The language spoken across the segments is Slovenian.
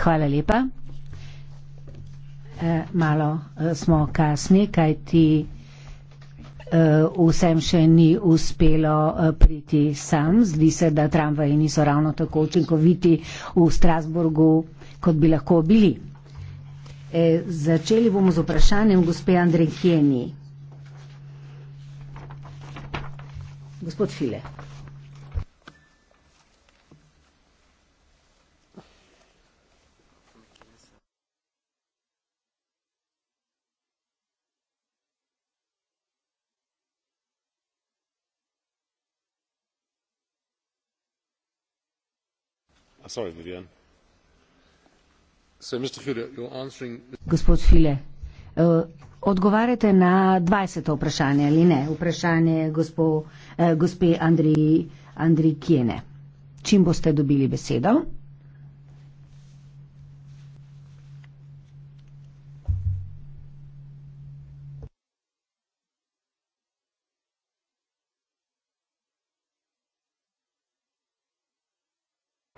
Hvala lepa. E, malo e, smo kasni, kaj ti e, eh, vsem še ni uspelo e, priti sam. Zdi se, da tramvaji niso ravno tako učinkoviti v Strasburgu, kot bi lahko bili. E, začeli bomo z vprašanjem gospe Andrej Hjeni. Gospod File. Ah, gospod fle uh, eh, odgovarjate na dvajset vprašanje ali ne vprašanje gospo, uh, gospe andrej andrej kjene čim boste dobili besedo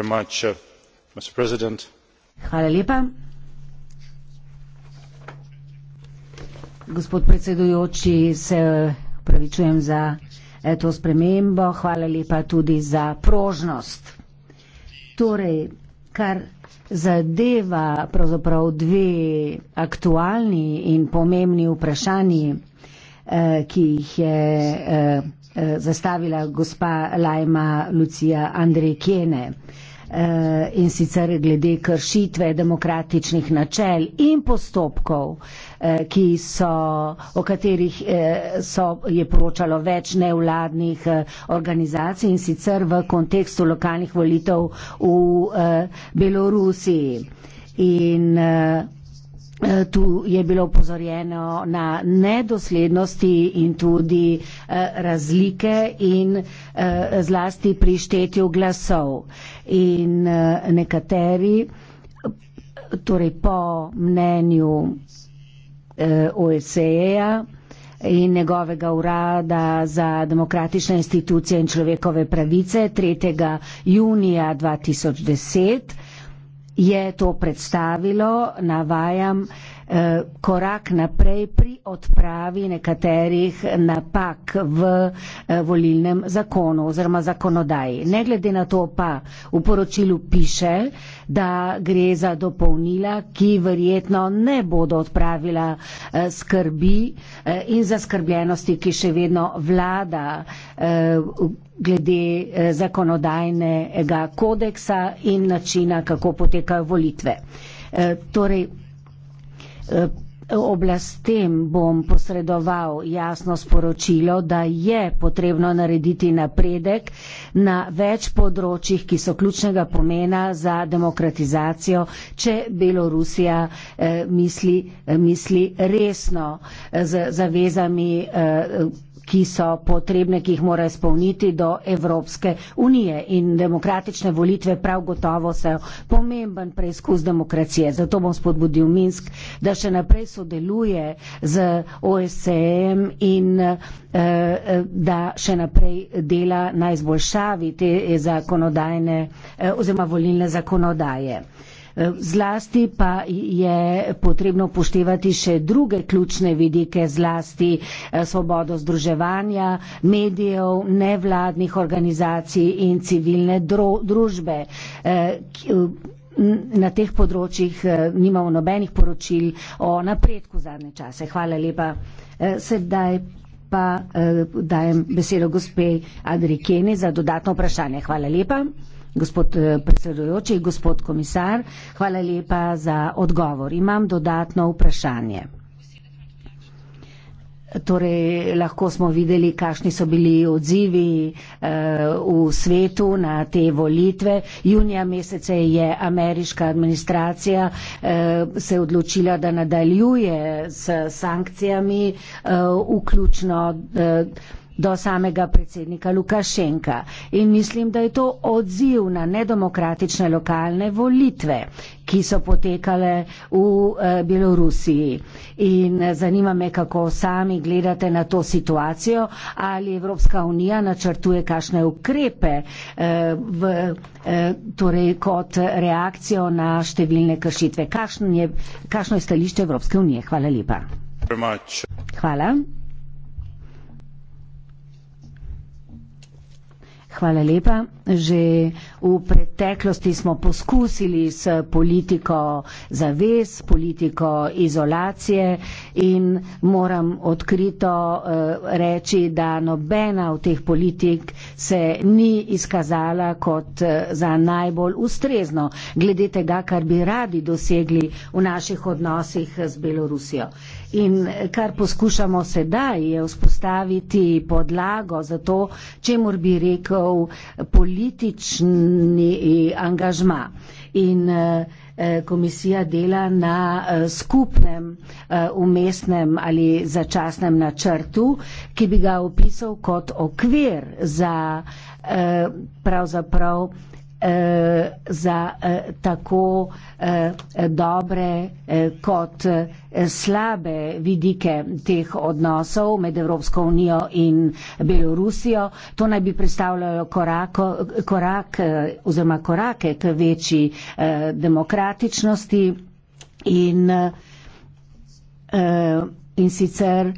Uh, mr president gospod predsedujoči se uh, opravičujem za eh, to spremembo hvala lepa tudi za prožnost torej kar zadeva pravzaprav dve aktualni in pomembni vprašanji eh, ki jih je eh, zastavila gospa Lajma Lucija Andrej Kjene. Eh, in sicer glede kršitve demokratičnih načel in postopkov, eh, ki so, o katerih eh, so, je poročalo več nevladnih organizacij in sicer v kontekstu lokalnih volitev v Belorusiji. In Eh, tu je bilo upozorjeno na nedoslednosti in tudi eh, razlike in eh, zlasti pri štetju glasov. In nekateri, torej po mnenju OECD-ja in njegovega urada za demokratične institucije in človekove pravice 3. junija 2010, je to predstavilo, navajam, Eh, korak naprej pri odpravi nekaterih napak v eh, volilnem zakonu oziroma zakonodaji. Ne glede na to pa v poročilu piše, da gre za dopolnila, ki verjetno ne bodo odpravila eh, skrbi in zaskrbljenosti, ki še vedno vlada glede zakonodajnega kodeksa in načina, kako potekajo volitve. Torej, Eh, oblastem bom posredoval jasno sporočilo, da je potrebno narediti napredek na več področjih, ki so ključnega pomena za demokratizacijo, če Belorusija eh, misli, eh, misli resno eh, z zavezami. Eh, ki so potrebne, ki jih mora izpolniti do Evropske unije. In demokratične volitve prav gotovo so pomemben preizkus demokracije. Zato bom spodbudil Minsk, da še naprej sodeluje z OSCM in eh, eh, da še naprej dela na izboljšavi te eh, zakonodajne oziroma volilne zakonodaje. Zlasti pa je potrebno poštevati še druge ključne vidike, zlasti eh, svobodo združevanja, medijev, nevladnih organizacij in civilne družbe. Eh, eh, na teh področjih nimamo nobenih poročil o napredku zadnje čase. Hvala lepa. Sedaj pa dajem besedo gospe Adri Keni za dodatno vprašanje. Hvala lepa gospod eh, predsedujoči, gospod komisar, hvala lepa za odgovor. Imam dodatno vprašanje. Torej, lahko smo videli, kakšni so bili odzivi eh, v svetu na te volitve. Junija mesece je ameriška administracija eh, se odločila, da nadaljuje s sankcijami, eh, vključno. Eh, do samega predsednika Lukašenka in mislim, da je to odziv na nedemokratične lokalne volitve, ki so potekale v eh, Belorusiji. In eh, zanima me, kako sami gledate na to situacijo, ali Evropska unija načrtuje kakšne ukrepe eh, v, torej kot reakcijo na številne kršitve. Kakšno je, kakšno je stališče Evropske unije? Hvala lepa. Hvala. Hvala lepa. Že v preteklosti smo poskusili s politiko zaves, politiko izolacije in moram odkrito eh, reči, da nobena od teh politik se ni izkazala kot eh, za najbolj ustrezno glede tega, kar bi radi dosegli v naših odnosih z Belorusijo. In kar poskušamo sedaj je vzpostaviti podlago za to, čemu bi rekel politični e, angažma. In e, e, komisija dela na skupnem umestnem ali začasnem načrtu, ki bi ga opisal kot okvir za pravzaprav prav za eh, tako eh, dobre eh, kot slabe vidike teh odnosov med Evropsko unijo in Belorusijo. To naj bi predstavljalo korako, korak oziroma korake k večji demokratičnosti in, in sicer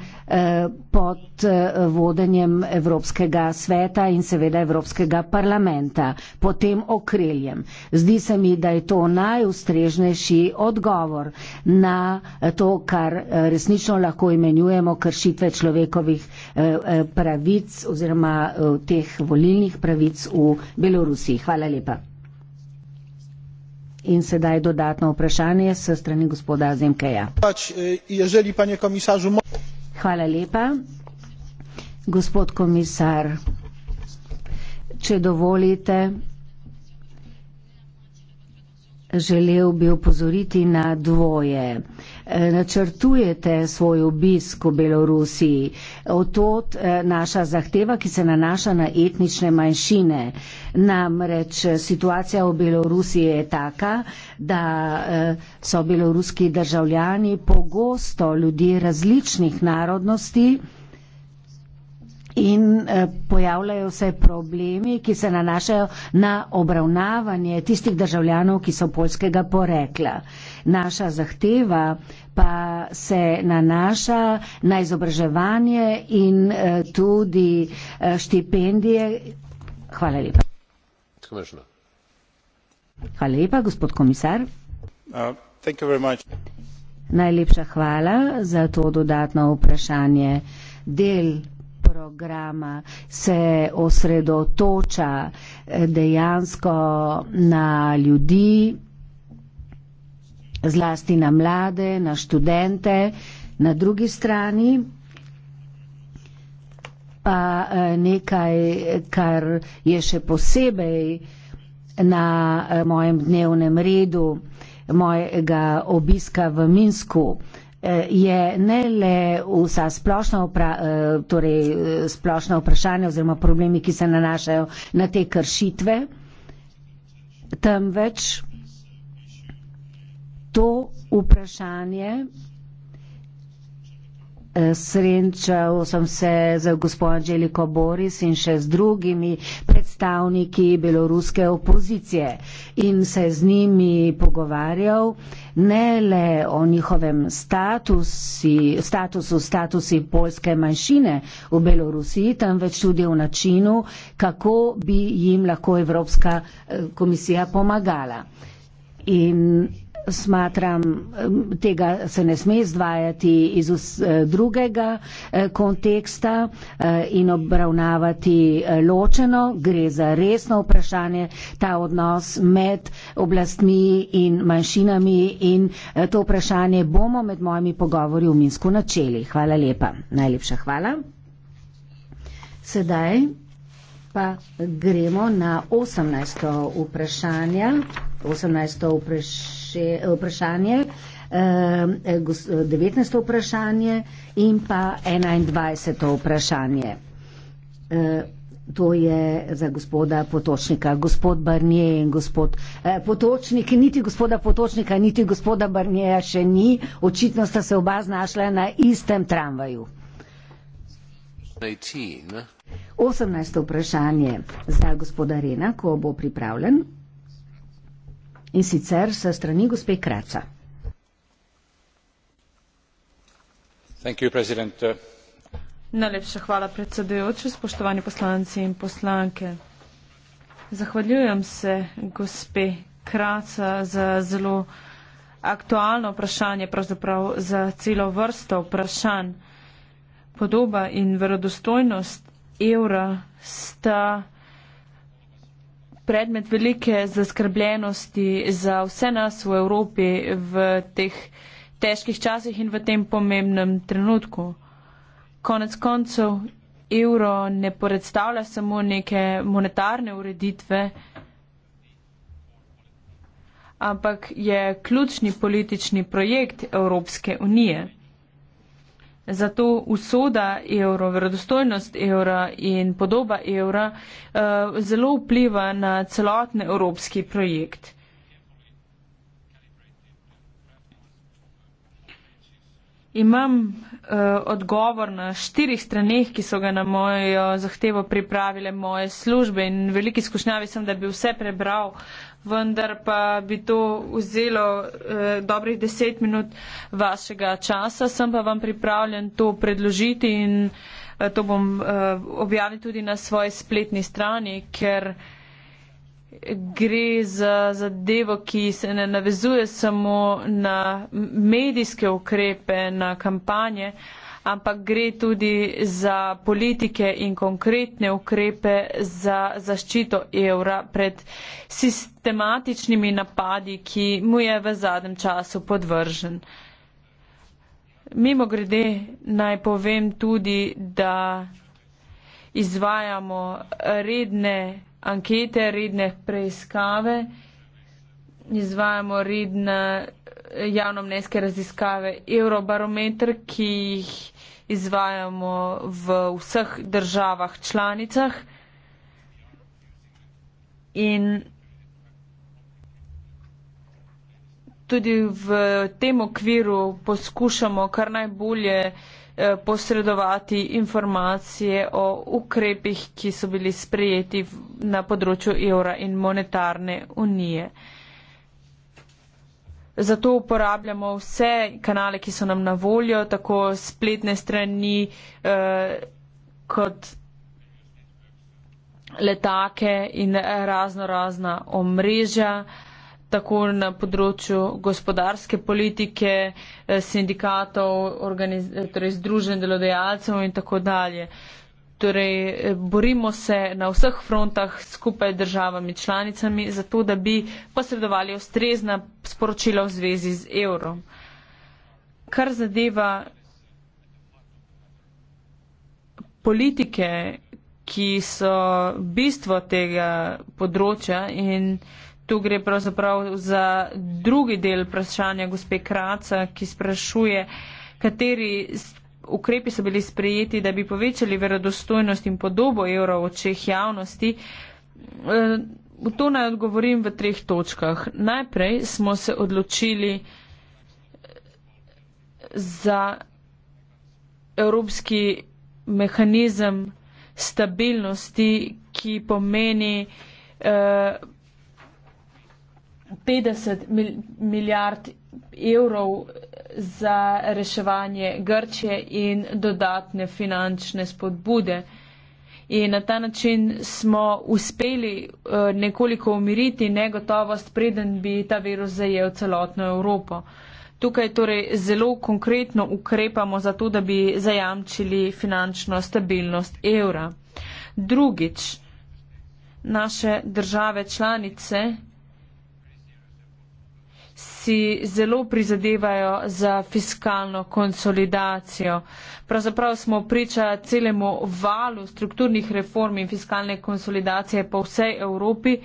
pod eh, vodenjem Evropskega sveta in seveda Evropskega parlamenta pod tem okreljem. Zdi se mi, da je to najustrežnejši odgovor na to, kar eh, resnično lahko imenujemo kršitve človekovih eh, pravic oziroma teh volilnih pravic v Belorusiji. Hvala lepa. In sedaj dodatno vprašanje s strani gospoda Zemkeja. Pač, Hvala lepa. Gospod komisar, če dovolite, želel bi upozoriti na dvoje načrtujete svoj obisk v Belorusiji. Otod eh, naša zahteva, ki se nanaša na etnične manjšine. Namreč eh, situacija v Belorusiji je taka, da eh, so beloruski državljani pogosto ljudi različnih narodnosti, in eh, pojavljajo se problemi, ki se nanašajo na obravnavanje tistih državljanov, ki so polskega porekla. Naša zahteva pa se nanaša na izobraževanje in eh, tudi eh, štipendije. Hvala lepa. Komisarno. Hvala lepa, gospod komisar. Uh, Najlepša hvala za to dodatno vprašanje. Del programa se osredotoča eh, dejansko na ljudi, zlasti na mlade, na študente, na drugi strani pa eh, nekaj, kar je še posebej na eh, mojem dnevnem redu mojega obiska v Minsku je ne le vsa splošna, vpra, eh, torej, eh, splošna vprašanja oziroma problemi, ki se nanašajo na te kršitve, temveč to vprašanje Eh, srečal sem se z gospodom Anželiko Boris in še z drugimi predstavniki beloruske opozicije in se z njimi pogovarjal ne le o njihovem statusi, statusu, statusi polske manjšine v Belorusiji, temveč tudi o načinu, kako bi jim lahko Evropska eh, komisija pomagala. In smatram, tega se ne sme izdvajati iz eh, drugega eh, konteksta eh, in obravnavati ločeno. Gre za resno vprašanje, ta odnos med oblastmi in manjšinami in to vprašanje bomo med mojimi pogovori v Minsku načeli. Hvala lepa. Najlepša hvala. Sedaj pa gremo na 18. vprašanje. 18. vprašanje vaše eh, vprašanje, 19. Eh, eh, vprašanje in pa 21. vprašanje. To je za gospoda Potočnika, gospod Barnije in gospod eh, Potočnik. Niti gospoda Potočnika, niti gospoda Barnija še ni. Očitno sta se oba znašla na istem tramvaju. 18. vprašanje za gospoda Rena, ko bo pripravljen in sicer se strani gospe Kreca. Najlepša hvala predsedujoči, spoštovani poslanci in poslanke. Zahvaljujem se gospe Kraca za zelo aktualno vprašanje, pravzaprav za celo vrsto vprašanj. Podoba in verodostojnost evra sta predmet velike zaskrbljenosti za vse nas v Evropi v teh težkih časih in v tem pomembnem trenutku. Konec koncev, evro ne predstavlja samo neke monetarne ureditve, ampak je ključni politični projekt Evropske unije. Zato usoda evra, verodostojnost evra in podoba evra uh, zelo vpliva na celotni evropski projekt. Imam uh, odgovor na štirih straneh, ki so ga na mojo zahtevo pripravile moje službe in veliki skušnjavi sem, da bi vse prebral, vendar pa bi to vzelo uh, dobrih deset minut vašega časa. Sem pa vam pripravljen to predložiti in uh, to bom uh, objavil tudi na svoji spletni strani, ker uh, gre za zadevo, ki se ne navezuje samo na medijske ukrepe, na kampanje, ampak gre tudi za politike in konkretne ukrepe za zaščito evra pred sistematičnimi napadi, ki mu je v zadnjem času podvržen. Mimo grede naj povem tudi, da izvajamo redne ankete, redne preiskave, izvajamo redne eh, javno mneske raziskave Eurobarometr, ki jih izvajamo v vseh državah članicah. In tudi v tem okviru poskušamo kar najbolje Eh, posredovati informacije o ukrepih, ki so bili sprejeti na področju evra in monetarne unije. Zato uporabljamo vse kanale, ki so nam na voljo, tako spletne strani eh, kot letake in razno razna omrežja. Eh, tako na področju gospodarske politike, eh, sindikatov, eh, torej združen delodajalcev in tako dalje. Torej, eh, borimo se na vseh frontah skupaj državami članicami za to, da bi posredovali ustrezna sporočila v zvezi z evrom. Kar zadeva politike, ki so bistvo tega področja in tu gre pravzaprav za drugi del vprašanja gospe Kraca, ki sprašuje, kateri ukrepi so bili sprejeti, da bi povečali verodostojnost in podobo evra v očeh javnosti. Eh, v to naj odgovorim v treh točkah. Najprej smo se odločili za evropski mehanizem stabilnosti, ki pomeni eh, 50 milijard evrov za reševanje Grčije in dodatne finančne spodbude. In na ta način smo uspeli eh, nekoliko umiriti negotovost, preden bi ta virus zajel celotno Evropo. Tukaj torej zelo konkretno ukrepamo za to, da bi zajamčili finančno stabilnost evra. Drugič, naše države članice si zelo prizadevajo za fiskalno konsolidacijo. Pravzaprav smo priča celemu valu strukturnih reform in fiskalne konsolidacije po vsej Evropi,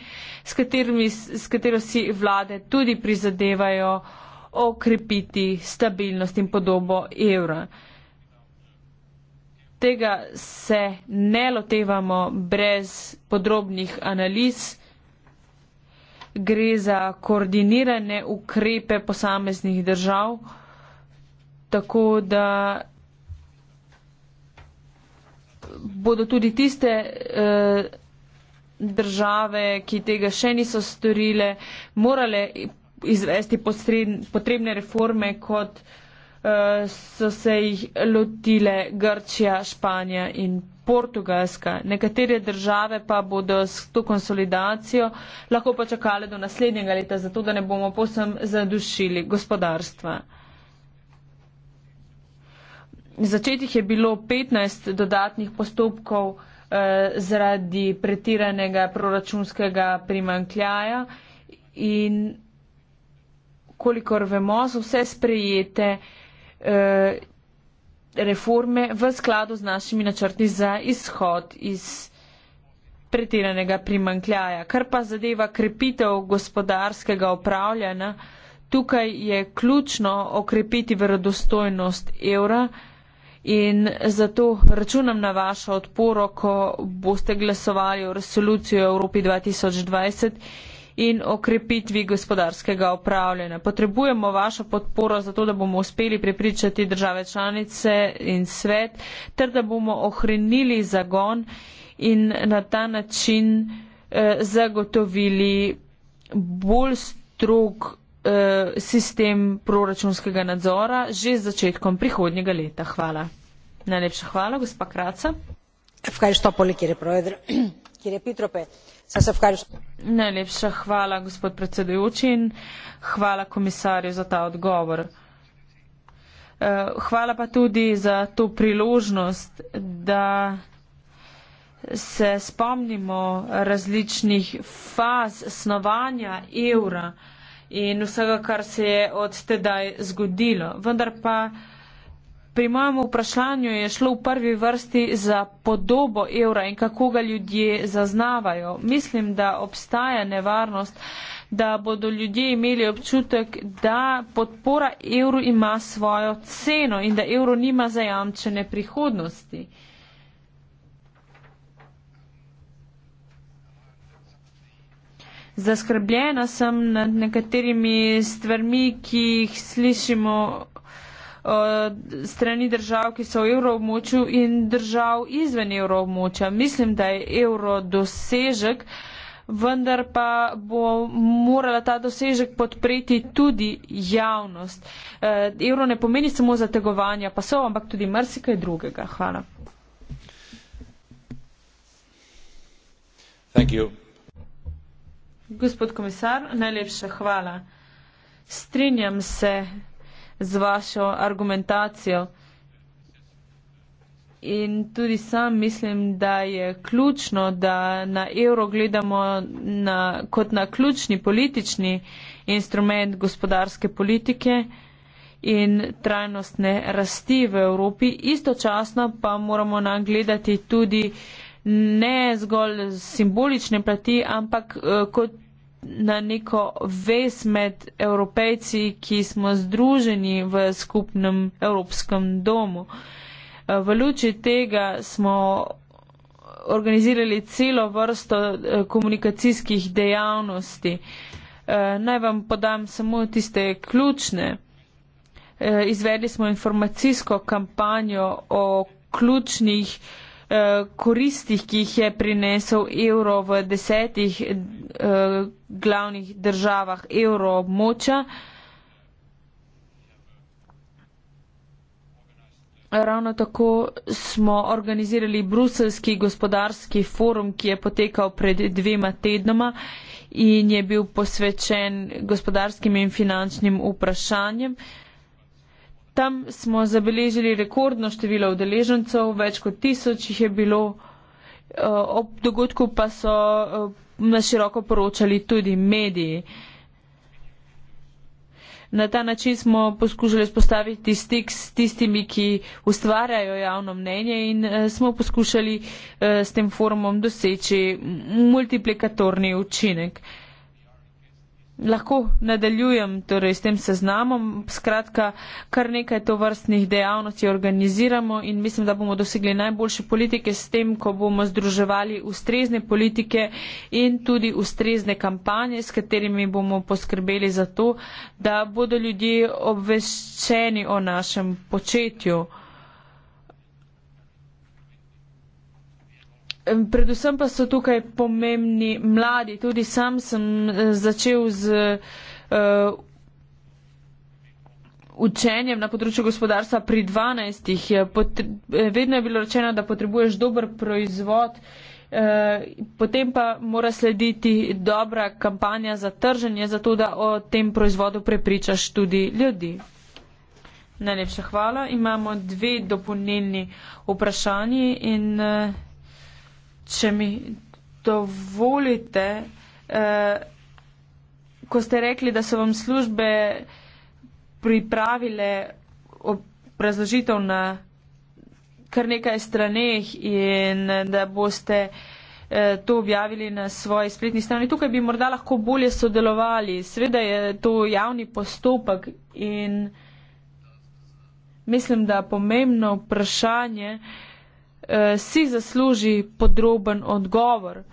s, katerimi, s katero si vlade tudi prizadevajo okrepiti stabilnost in podobo evra. Tega se ne lotevamo brez podrobnih analiz gre za koordinirane ukrepe posameznih držav, tako da bodo tudi tiste eh, države, ki tega še niso storile, morale izvesti potrebne reforme, kot eh, so se jih lotile Grčija, Španija in Portugalska. Nekatere države pa bodo s to konsolidacijo lahko pa čakale do naslednjega leta, zato da ne bomo posem zadušili gospodarstva. Začetih je bilo 15 dodatnih postopkov eh, zaradi pretiranega proračunskega primankljaja in kolikor vemo, so vse sprejete. Eh, reforme v skladu z našimi načrti za izhod iz pretiranega primankljaja. Kar pa zadeva krepitev gospodarskega upravljanja, tukaj je ključno okrepiti verodostojnost evra in zato računam na vašo odporo, ko boste glasovali o resoluciji o Evropi 2020 in okrepitvi gospodarskega upravljanja. Potrebujemo vašo podporo za to, da bomo uspeli prepričati države članice in svet, ter da bomo ohranili zagon in na ta način eh, zagotovili bolj strog eh, sistem proračunskega nadzora že z začetkom prihodnjega leta. Hvala. Najlepša hvala, gospa Kraca. Fkaj štopoli, kjer je proedr, kjer je pitrope. Najlepša hvala, gospod predsedujoči, in hvala komisarju za ta odgovor. Eh, hvala pa tudi za to priložnost, da se spomnimo različnih faz snovanja evra in vsega, kar se je od tedaj zgodilo. Vendar pa Pri mojem vprašanju je šlo v prvi vrsti za podobo evra in kako ga ljudje zaznavajo. Mislim, da obstaja nevarnost, da bodo ljudje imeli občutek, da podpora evru ima svojo ceno in da evro nima zajamčene prihodnosti. Zaskrbljena sem nad nekaterimi stvarmi, ki jih slišimo Eh, strani držav, ki so v evroobmočju in držav izven evroobmočja. Mislim, da je evro dosežek, vendar pa bo morala ta dosežek podpreti tudi javnost. Eh, evro ne pomeni samo zategovanja pasov, ampak tudi mrsikaj drugega. Hvala. Thank you. Gospod komisar, najlepša hvala. Strinjam se, z vašo argumentacijo. In tudi sam mislim, da je ključno, da na evro gledamo na, kot na ključni politični instrument gospodarske politike in trajnostne rasti v Evropi. Istočasno pa moramo nam gledati tudi ne zgolj simbolične plati, ampak eh, kot na neko vez med evropejci, ki smo združeni v skupnem evropskem domu. V luči tega smo organizirali celo vrsto eh, komunikacijskih dejavnosti. Eh, naj vam podam samo tiste ključne. Eh, izvedli smo informacijsko kampanjo o ključnih Eh, koristih, ki jih je prinesel evro v desetih eh, glavnih državah evro območja. Ravno tako smo organizirali Bruselski gospodarski forum, ki je potekal pred dvema tednoma in je bil posvečen gospodarskim in finančnim vprašanjem. Tam smo zabeležili rekordno število udeležencev, več kot tisoč jih je bilo. Eh, ob dogodku pa so eh, na široko poročali tudi mediji. Na ta način smo poskušali spostaviti stik s tistimi, ki ustvarjajo javno mnenje in eh, smo poskušali s tem forumom doseči multiplikatorni učinek lahko nadaljujem torej, s tem seznamom. Skratka, kar nekaj to vrstnih dejavnosti organiziramo in mislim, da bomo dosegli najboljše politike s tem, ko bomo združevali ustrezne politike in tudi ustrezne kampanje, s katerimi bomo poskrbeli za to, da bodo ljudje obveščeni o našem početju. predvsem pa so tukaj pomembni mladi. Tudi sam sem eh, začel z uh, učenjem na področju gospodarstva pri 12. Potre eh, vedno je bilo rečeno, da potrebuješ dober proizvod. Potem pa mora slediti dobra kampanja za trženje, zato da o tem proizvodu prepričaš tudi ljudi. Najlepša hvala. Imamo dve dopolnilni vprašanji in če mi dovolite, eh, ko ste rekli, da so vam službe pripravile razložitev na kar nekaj straneh in da boste eh, to objavili na svoji spletni strani. Tukaj bi morda lahko bolje sodelovali. Sveda je to javni postopek in mislim, da pomembno vprašanje, eh, uh, si zasluži podroben odgovor.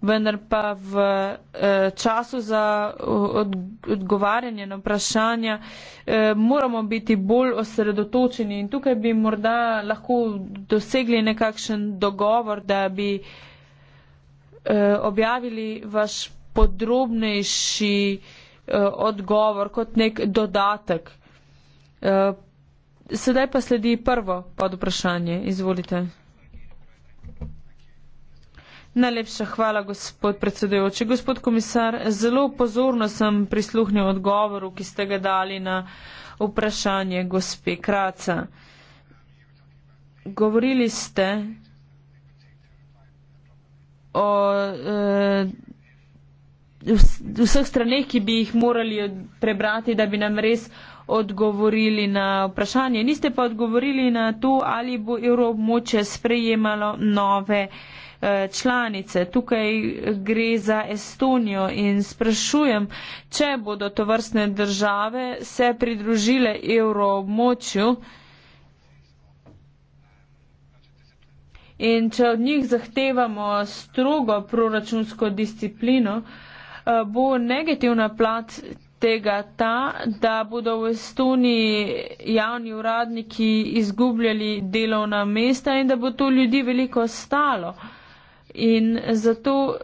Vendar pa v eh, času za odgovarjanje na vprašanja eh, moramo biti bolj osredotočeni in tukaj bi morda lahko dosegli nekakšen dogovor, da bi objavili vaš podrobnejši odgovor kot nek dodatek. Sedaj pa sledi prvo pod vprašanje. Izvolite. Najlepša hvala, gospod predsedujoči. Gospod komisar, zelo pozorno sem prisluhnil odgovoru, ki ste ga dali na vprašanje gospe Kraca. Govorili ste o e, vseh straneh, ki bi jih morali prebrati, da bi nam res odgovorili na vprašanje. Niste pa odgovorili na to, ali bo Evropa moče sprejemalo nove članice. Tukaj gre za Estonijo in sprašujem, če bodo to vrstne države se pridružile evromočju in če od njih zahtevamo strogo proračunsko disciplino, eh, bo negativna plat tega ta, da bodo v Estoniji javni uradniki izgubljali delovna mesta in da bo to ljudi veliko stalo. Uh, In zato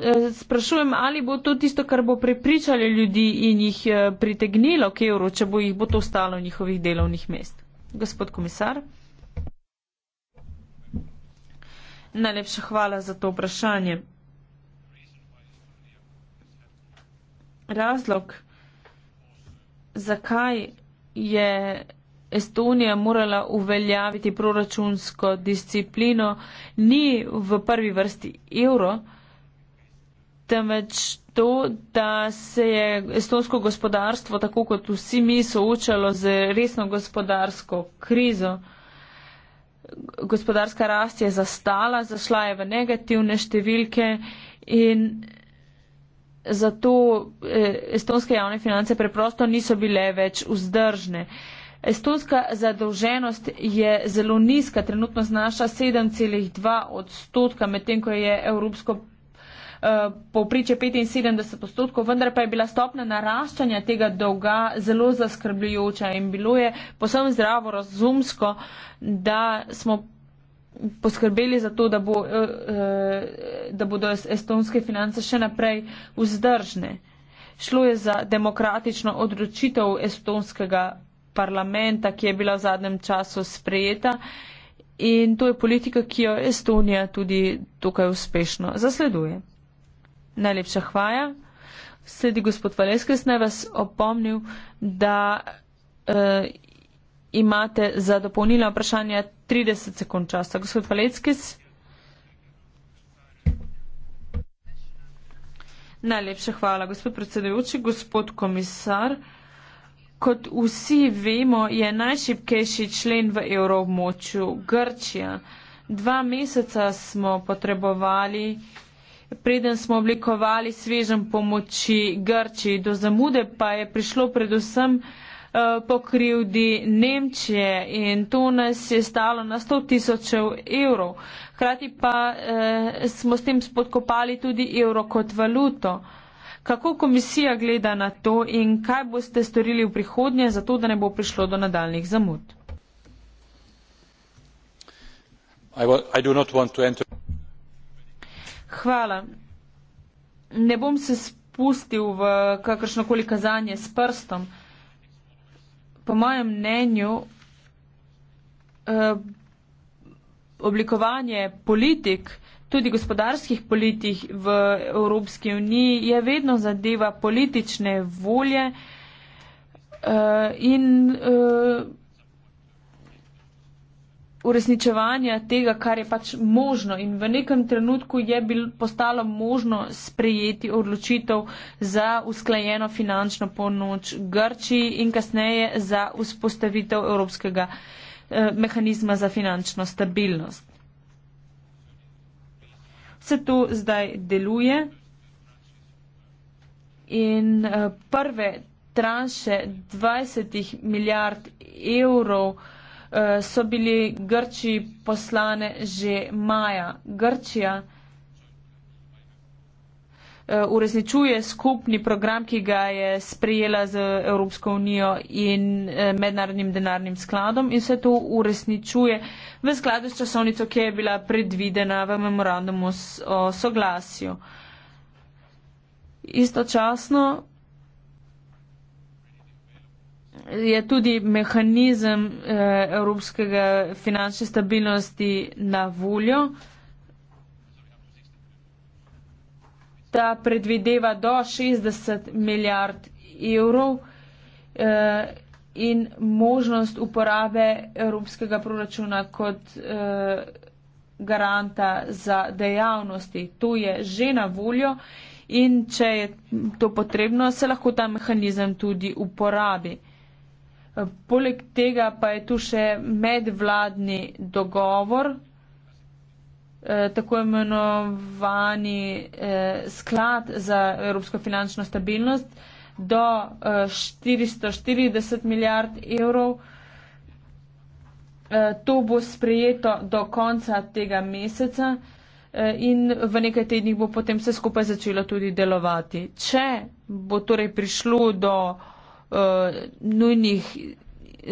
eh, sprašujem, ali bo to tisto, kar bo prepričalo ljudi in jih eh, pritegnilo k evru, če bo jih bo to stalo njihovih delovnih mest. Gospod komisar. Najlepša hvala za to vprašanje. Razlog, zakaj je Estonija morala uveljaviti proračunsko disciplino, ni v prvi vrsti evro, temveč to, da se je estonsko gospodarstvo, tako kot vsi mi, soočalo z resno gospodarsko krizo. Gospodarska rast je zastala, zašla je v negativne številke in zato eh, estonske javne finance preprosto niso bile več vzdržne. Estonska zadolženost je zelo nizka, trenutno znaša 7,2 odstotka, medtem ko je evropsko eh, povpriče 75 odstotkov, vendar pa je bila stopna naraščanja tega dolga zelo zaskrbljujoča in bilo je posebno zdravo razumsko, da smo poskrbeli za to, da, bo, eh, eh, da bodo estonske finance še naprej vzdržne. Šlo je za demokratično odločitev estonskega parlamenta, ki je bila v zadnjem času sprejeta. In to je politika, ki jo Estonija tudi tukaj uspešno zasleduje. Najlepša hvala. Sledi gospod Valeskes, naj vas opomnil, da eh, imate za dopolnila vprašanja 30 sekund časa. Gospod Valeskes. Najlepša hvala, gospod predsedujoči, gospod komisar. Eh, kot vsi vemo, je najšipkejši člen v evromočju Grčija. Dva meseca smo potrebovali, preden smo oblikovali svežen pomoči Grčiji. Do zamude pa je prišlo predvsem eh, pokrivdi Nemčije in to nas je stalo na 100 tisočev evrov. Hkrati pa eh, smo s tem spodkopali tudi evro kot valuto. Eh, Kako komisija gleda na to in kaj boste storili v prihodnje, zato da ne bo prišlo do nadaljnih zamud? Hvala. Ne bom se spustil v kakršnokoli kazanje s prstom. Po mojem mnenju, eh, oblikovanje politik, tudi gospodarskih politik v Evropski uniji je vedno zadeva politične volje eh, in eh, uresničevanja tega, kar je pač možno. In v nekem trenutku je bil, postalo možno sprejeti odločitev za usklajeno finančno pomoč Grčiji in kasneje za vzpostavitev Evropskega eh, mehanizma za finančno stabilnost se to zdaj deluje in eh, prve tranše 20 milijard evrov eh, so bili Grči poslane že maja. Grčija Eh, uresničuje skupni program, ki ga je sprejela z Evropsko unijo in eh, mednarodnim denarnim skladom in vse to uresničuje v skladu s časovnico, ki je bila predvidena v memorandumu o soglasju. Istočasno je tudi mehanizem eh, evropskega finančne stabilnosti na voljo. Ta predvideva do 60 milijard evrov eh, in možnost uporabe evropskega proračuna kot eh, garanta za dejavnosti. To je že na voljo in če je to potrebno, se lahko ta mehanizem tudi uporabi. Eh, poleg tega pa je tu še medvladni dogovor, Eh, tako imenovani eh, sklad za evropsko finančno stabilnost do eh, 440 milijard evrov. Eh, to bo sprejeto do konca tega meseca eh, in v nekaj tednih bo potem vse skupaj začelo tudi delovati. Če bo torej prišlo do eh, nujnih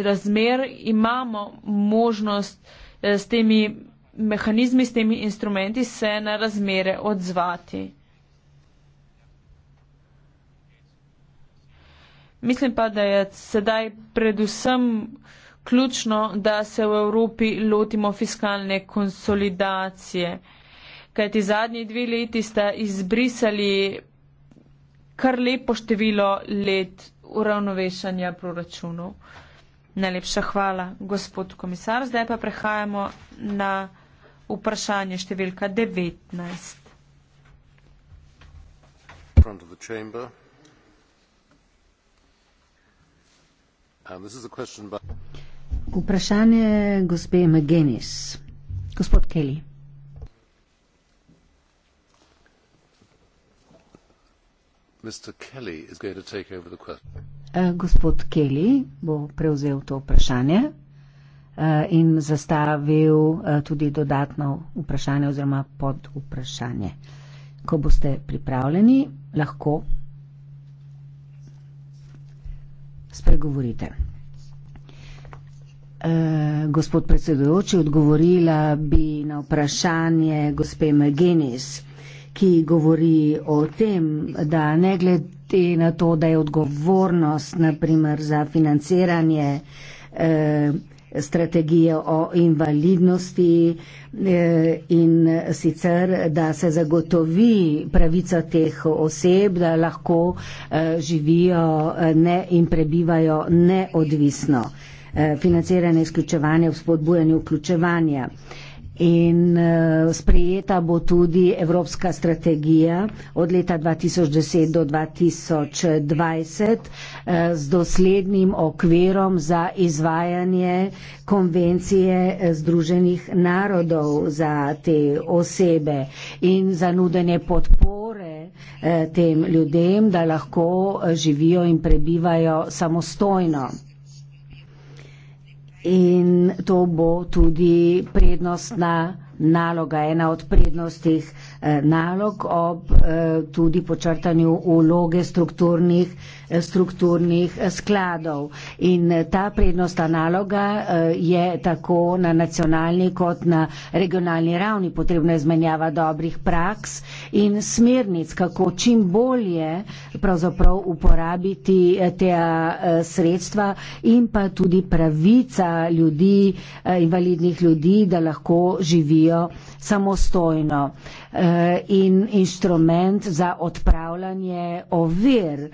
razmer, imamo možnost eh, s temi mehanizmi s temi instrumenti se na razmere odzvati. Mislim pa, da je sedaj predvsem ključno, da se v Evropi lotimo fiskalne konsolidacije, kajti zadnji dve leti sta izbrisali kar lepo število let uravnovešanja proračunov. Najlepša hvala, gospod komisar. Zdaj pa prehajamo na vprašanje številka devetnajst. Front of the chamber. Um, this is a question by... Vprašanje gospe McGuinness. Gospod Kelly. Mr. Kelly is going to take over the question. Uh, gospod Kelly bo prevzel to vprašanje. Eh, in zastavil eh, tudi dodatno vprašanje oziroma pod vprašanje. Ko boste pripravljeni, lahko spregovorite. E, gospod predsedujoči, odgovorila bi na vprašanje gospe Megenis, ki govori o tem, da ne glede na to, da je odgovornost, naprimer, za financiranje e, strategije o invalidnosti eh, in sicer, da se zagotovi pravica teh oseb, da lahko eh, živijo eh, ne in prebivajo neodvisno. Financiranje izključevanja v spodbujanju vključevanja in eh, sprejeta bo tudi evropska strategija od leta 2010 do 2020 eh, z doslednim okvirom za izvajanje konvencije eh, Združenih narodov za te osebe in za nudenje podpore tem ljudem, da lahko živijo in prebivajo samostojno in to bo tudi prednostna naloga, ena od prednostih eh, nalog ob eh, tudi počrtanju uloge strukturnih, eh, strukturnih skladov. In ta prednost, ta naloga je tako na nacionalni kot na regionalni ravni potrebna izmenjava dobrih praks in smernic, kako čim bolje pravzaprav uporabiti te sredstva in pa tudi pravica ljudi, invalidnih ljudi, da lahko živijo študijo samostojno eh, in inštrument za odpravljanje ovir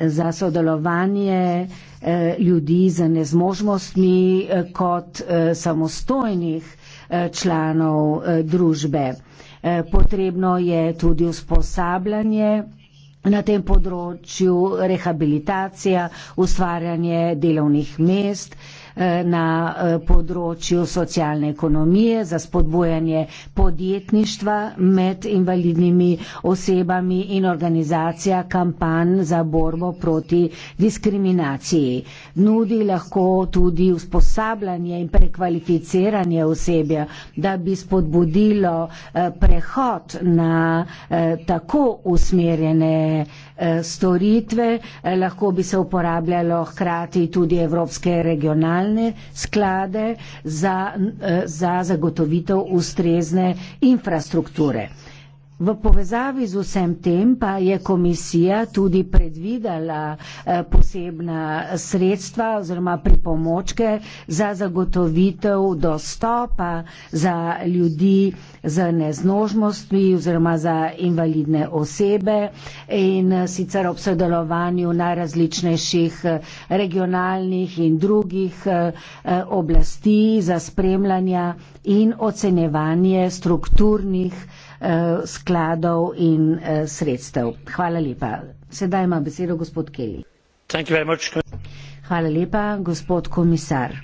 za sodelovanje eh, ljudi z nezmožnostmi eh, kot samostojnih članov družbe. Potrebno je tudi usposabljanje na tem področju, rehabilitacija, ustvarjanje delovnih mest, Eh, na eh, področju socialne ekonomije, za spodbujanje podjetništva med invalidnimi osebami in organizacija kampanj za borbo proti diskriminaciji. Nudi lahko tudi usposabljanje in prekvalificiranje osebja, da bi spodbudilo eh, prehod na tako usmerjene Eh, storitve. Eh, lahko bi se uporabljalo hkrati tudi evropske regionalne sklade za, eh, za zagotovitev ustrezne infrastrukture. V povezavi z vsem tem pa je komisija tudi predvidela posebna sredstva oziroma pripomočke za zagotovitev dostopa za ljudi z neznožnostmi oziroma za invalidne osebe in sicer ob sodelovanju najrazličnejših eh, regionalnih in drugih eh, eh, oblasti za spremljanja in ocenjevanje strukturnih skladov in sredstev. Hvala lepa. Sedaj ima besedo gospod Kelly. Hvala lepa, gospod komisar.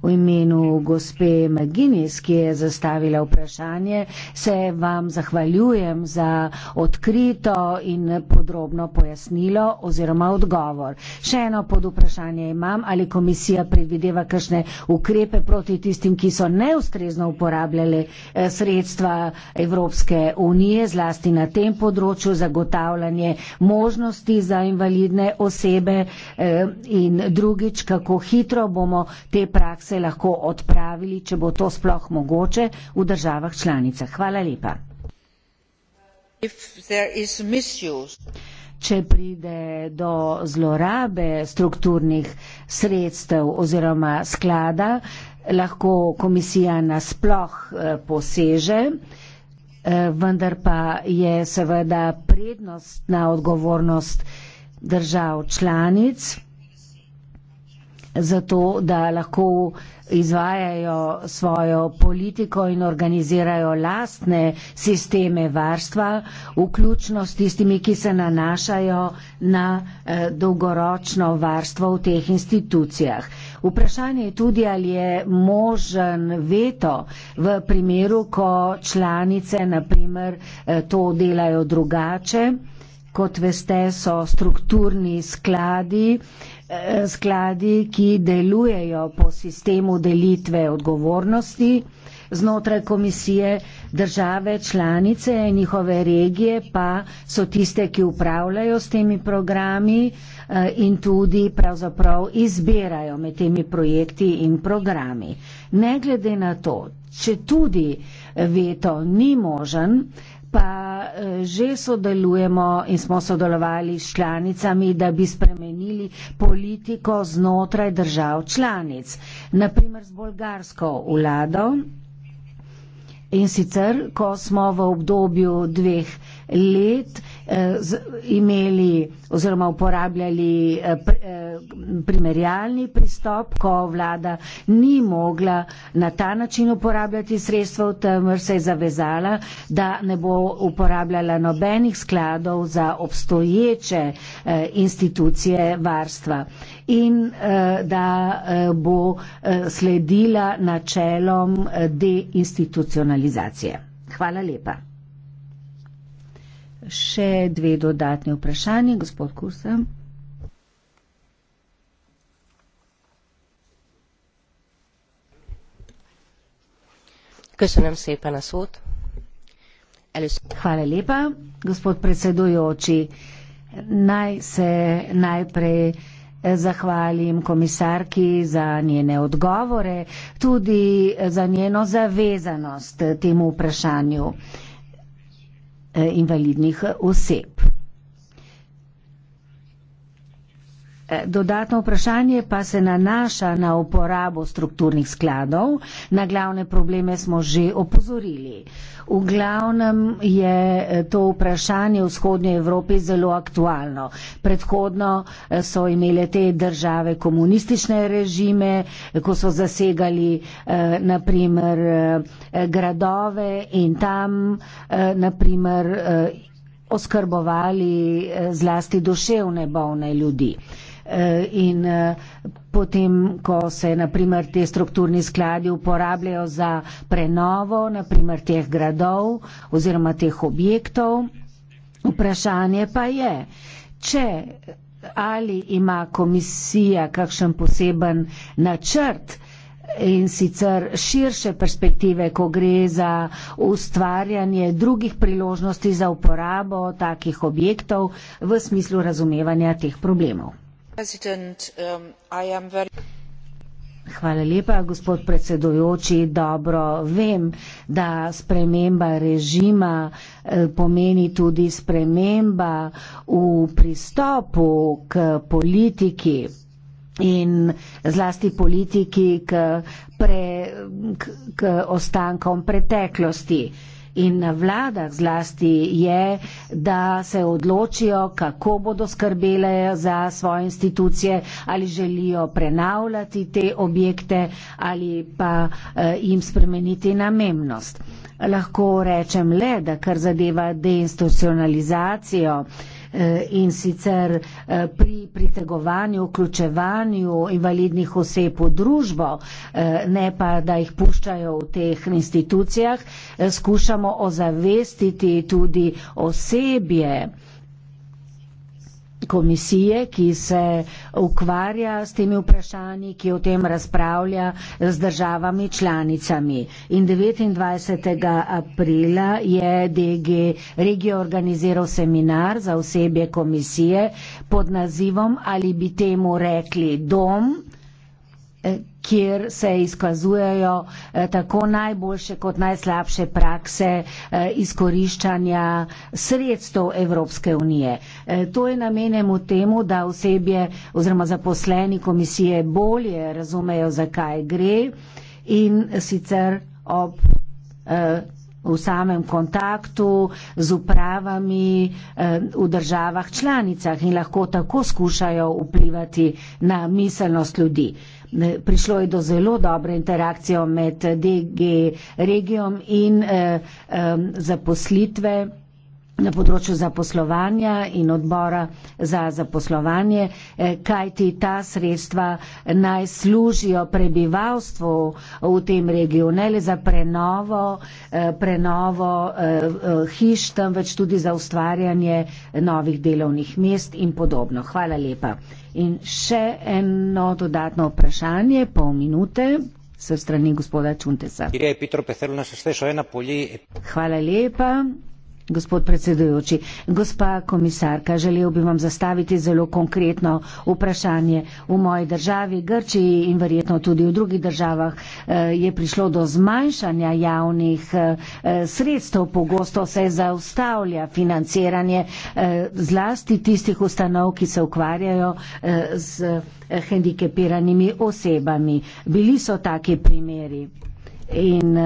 V imenu gospe McGinnis, ki je zastavila vprašanje, se vam zahvaljujem za odkrito in podrobno pojasnilo oziroma odgovor. Še eno pod vprašanje imam, ali komisija predvideva kakšne ukrepe proti tistim, ki so neustrezno uporabljali eh, sredstva Evropske unije, zlasti na tem področju zagotavljanje možnosti za invalidne osebe eh, in drugič, kako hitro bomo te prakse se lahko odpravili, če bo to sploh mogoče v državah članicah. Hvala lepa. Če pride do zlorabe strukturnih sredstev oziroma sklada, lahko komisija nasploh eh, poseže, eh, vendar pa je seveda prednostna odgovornost držav članic zato, da lahko izvajajo svojo politiko in organizirajo lastne sisteme varstva, vključno s tistimi, ki se nanašajo na eh, dolgoročno varstvo v teh institucijah. Vprašanje je tudi, ali je možen veto v primeru, ko članice naprimer eh, to delajo drugače. Kot veste, so strukturni skladi eh, skladi, ki delujejo po sistemu delitve odgovornosti znotraj komisije, države članice in njihove regije pa so tiste, ki upravljajo s temi programi eh, in tudi pravzaprav izbirajo med temi projekti in programi. Ne glede na to, če tudi veto ni možen, pa eh, že sodelujemo in smo sodelovali s članicami, da bi spremenili politiko znotraj držav članic. Naprimer z bolgarsko vlado in sicer, ko smo v obdobju dveh let eh, z, imeli oziroma uporabljali eh, pre, eh, primerjalni pristop, ko vlada ni mogla na ta način uporabljati sredstva, temveč se je zavezala, da ne bo uporabljala nobenih skladov za obstoječe eh, institucije varstva in eh, da eh, bo sledila načelom deinstitucionalizacije. Hvala lepa. Še dve dodatne vprašanje, gospod Kusem. Köszönöm szépen a szót. Hvala lepa, gospod predsedujoči. Naj se najprej eh, zahvalim komisarki za njene odgovore, tudi eh, za njeno zavezanost eh, temu vprašanju invalidnih oseb. E, dodatno vprašanje pa se nanaša na uporabo strukturnih skladov. Na glavne probleme smo že opozorili. V glavnem je e, to vprašanje v vzhodnje Evropi zelo aktualno. Predhodno e, so imele te države komunistične režime, ko so zasegali naprimer gradove in tam naprimer oskrbovali zlasti duševne bolne ljudi. Eh, in eh, potem, ko se naprimer te strukturni skladi uporabljajo za prenovo naprimer teh gradov oziroma teh objektov, vprašanje pa je, če ali ima komisija kakšen poseben načrt, in sicer širše perspektive, ko gre za ustvarjanje drugih priložnosti za uporabo takih objektov v smislu razumevanja teh problemov. Um, Hvala lepa, gospod predsedujoči. Dobro vem, da sprememba režima eh, pomeni tudi sprememba v pristopu k politiki in zlasti politiki k, pre, k, k ostankom preteklosti in na vladah zlasti je, da se odločijo, kako bodo skrbele za svoje institucije, ali želijo prenavljati te objekte ali pa eh, jim spremeniti namennost. Lahko rečem le, da kar zadeva deinstitucionalizacijo, Eh, in sicer eh, pri pritegovanju, vključevanju invalidnih oseb v družbo, eh, ne pa da jih puščajo v teh institucijah, skušamo ozavestiti tudi osebje komisije, ki se ukvarja s temi vprašanji, ki o tem razpravlja z državami članicami. In 29. aprila je DG regijo organiziral seminar za osebje komisije pod nazivom ali bi temu rekli dom Eh, kjer se izkazujejo eh, tako najboljše kot najslabše prakse eh, izkoriščanja sredstev Evropske unije. To je namenjeno temu, da osebje oziroma zaposleni komisije bolje razumejo, zakaj gre in sicer ob v samem kontaktu z upravami v državah članicah in lahko tako skušajo vplivati na miselnost ljudi prišlo je do zelo dobre interakcije med DG regijom in eh, eh, zaposlitve na področju zaposlovanja in odbora za zaposlovanje, eh, kaj ti ta sredstva naj služijo prebivalstvu v tem regiju, ne le za prenovo, eh, prenovo eh, hiš, temveč tudi za ustvarjanje novih delovnih mest in podobno. Hvala lepa. In še eno dodatno vprašanje, pol minute. Se strani gospoda Čuntesa. Hvala lepa gospod predsedujoči. Gospa komisarka, želel bi vam zastaviti zelo konkretno vprašanje. V moji državi, Grčiji in verjetno tudi v drugih državah eh, je prišlo do zmanjšanja javnih eh, sredstev. Pogosto se zaustavlja financiranje eh, zlasti tistih ustanov, ki se ukvarjajo z hendikepiranimi osebami. Bili so taki primeri in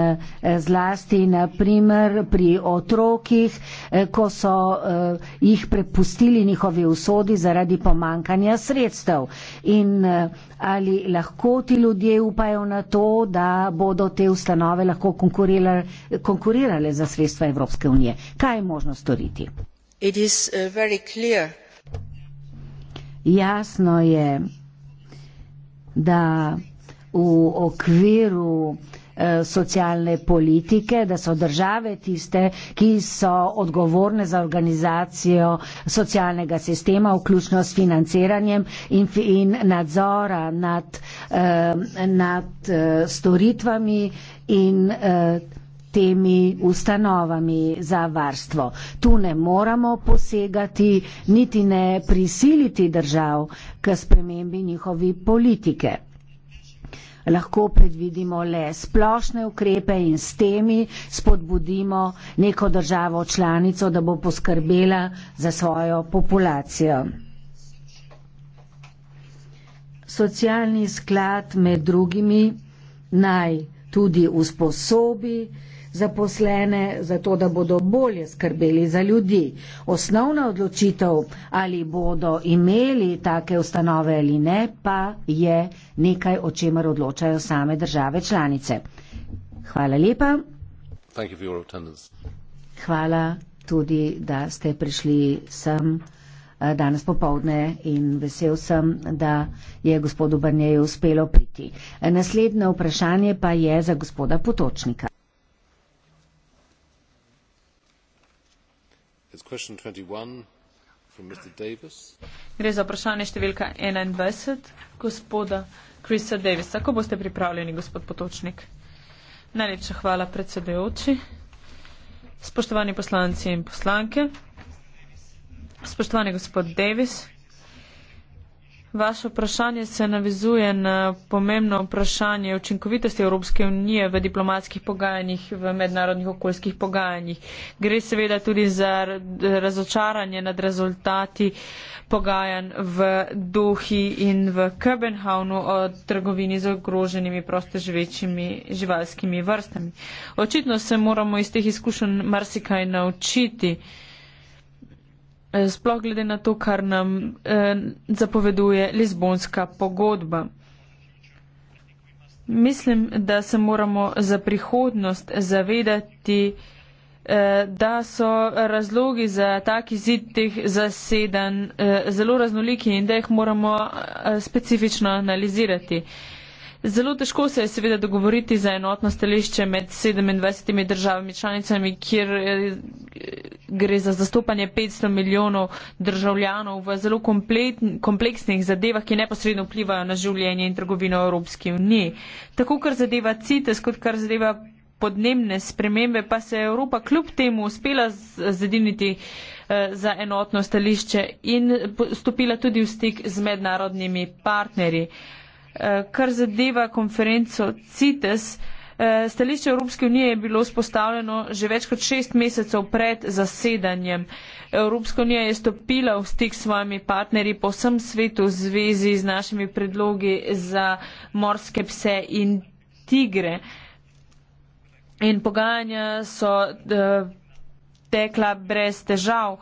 eh, zlasti naprimer pri otrokih, eh, ko so eh, jih prepustili njihovi usodi zaradi pomankanja sredstev. In ali lahko ti ljudje upajo na to, da bodo te ustanove lahko konkurirale, konkurirale za sredstva Evropske unije? Kaj je možno storiti? Jasno je, da v okviru Eh, socialne politike, da so države tiste, ki so odgovorne za organizacijo socialnega sistema, vključno s financiranjem in, in nadzora nad, eh, nad eh, storitvami in temi ustanovami za varstvo. Tu ne moramo posegati, niti ne prisiliti držav k spremembi njihovi politike lahko predvidimo le splošne ukrepe in s temi spodbudimo neko državo članico, da bo poskrbela za svojo populacijo. Socialni sklad med drugimi naj tudi usposobi, zaposlene, zato da bodo bolje skrbeli za ljudi. Osnovna odločitev, ali bodo imeli take ustanove ali ne, pa je nekaj, o čemer odločajo same države članice. Hvala lepa. Hvala tudi, da ste prišli sem eh, danes popovdne in vesel sem, da je gospodu Brnjeju uspelo priti. Naslednje vprašanje pa je za gospoda Potočnika. Gre za vprašanje številka 21 gospoda Krisa Davisa. Ko boste pripravljeni, gospod Potočnik? Najlepša hvala, predsedujoči. Spoštovani poslanci in poslanke. Spoštovani gospod Davis. Vaše vprašanje se navizuje na pomembno vprašanje učinkovitosti Evropske unije v diplomatskih pogajanjih, v mednarodnih okoljskih pogajanjih. Gre seveda tudi za razočaranje nad rezultati pogajanj v Dohi in v Köbenhavnu o trgovini z ogroženimi prostoživečimi živalskimi vrstami. Očitno se moramo iz teh izkušenj marsikaj naučiti. Eh, sploh glede na to, kar nam eh, zapoveduje Lizbonska pogodba. Mislim, da se moramo za prihodnost zavedati, eh, da so razlogi za taki zid teh zaseden eh, zelo raznoliki in da jih moramo eh, specifično analizirati. Eh, Zelo težko se je seveda dogovoriti za enotno stališče med 27 državami članicami, kjer eh, gre za zastopanje 500 milijonov državljanov v zelo kompleksnih zadevah, ki neposredno vplivajo na življenje in trgovino v Evropski uniji. Tako kar zadeva CITES, kot kar zadeva podnebne spremembe, pa se je Evropa kljub temu uspela zediniti eh, za enotno stališče in stopila tudi v stik z mednarodnimi partnerji. Eh, kar zadeva konferenco CITES, eh, stališče Evropske unije je bilo spostavljeno že več kot šest mesecev pred zasedanjem. Evropska unija je stopila v stik s svojimi partnerji po vsem svetu v zvezi z našimi predlogi za morske pse in tigre. In pogajanja so eh, tekla brez težav.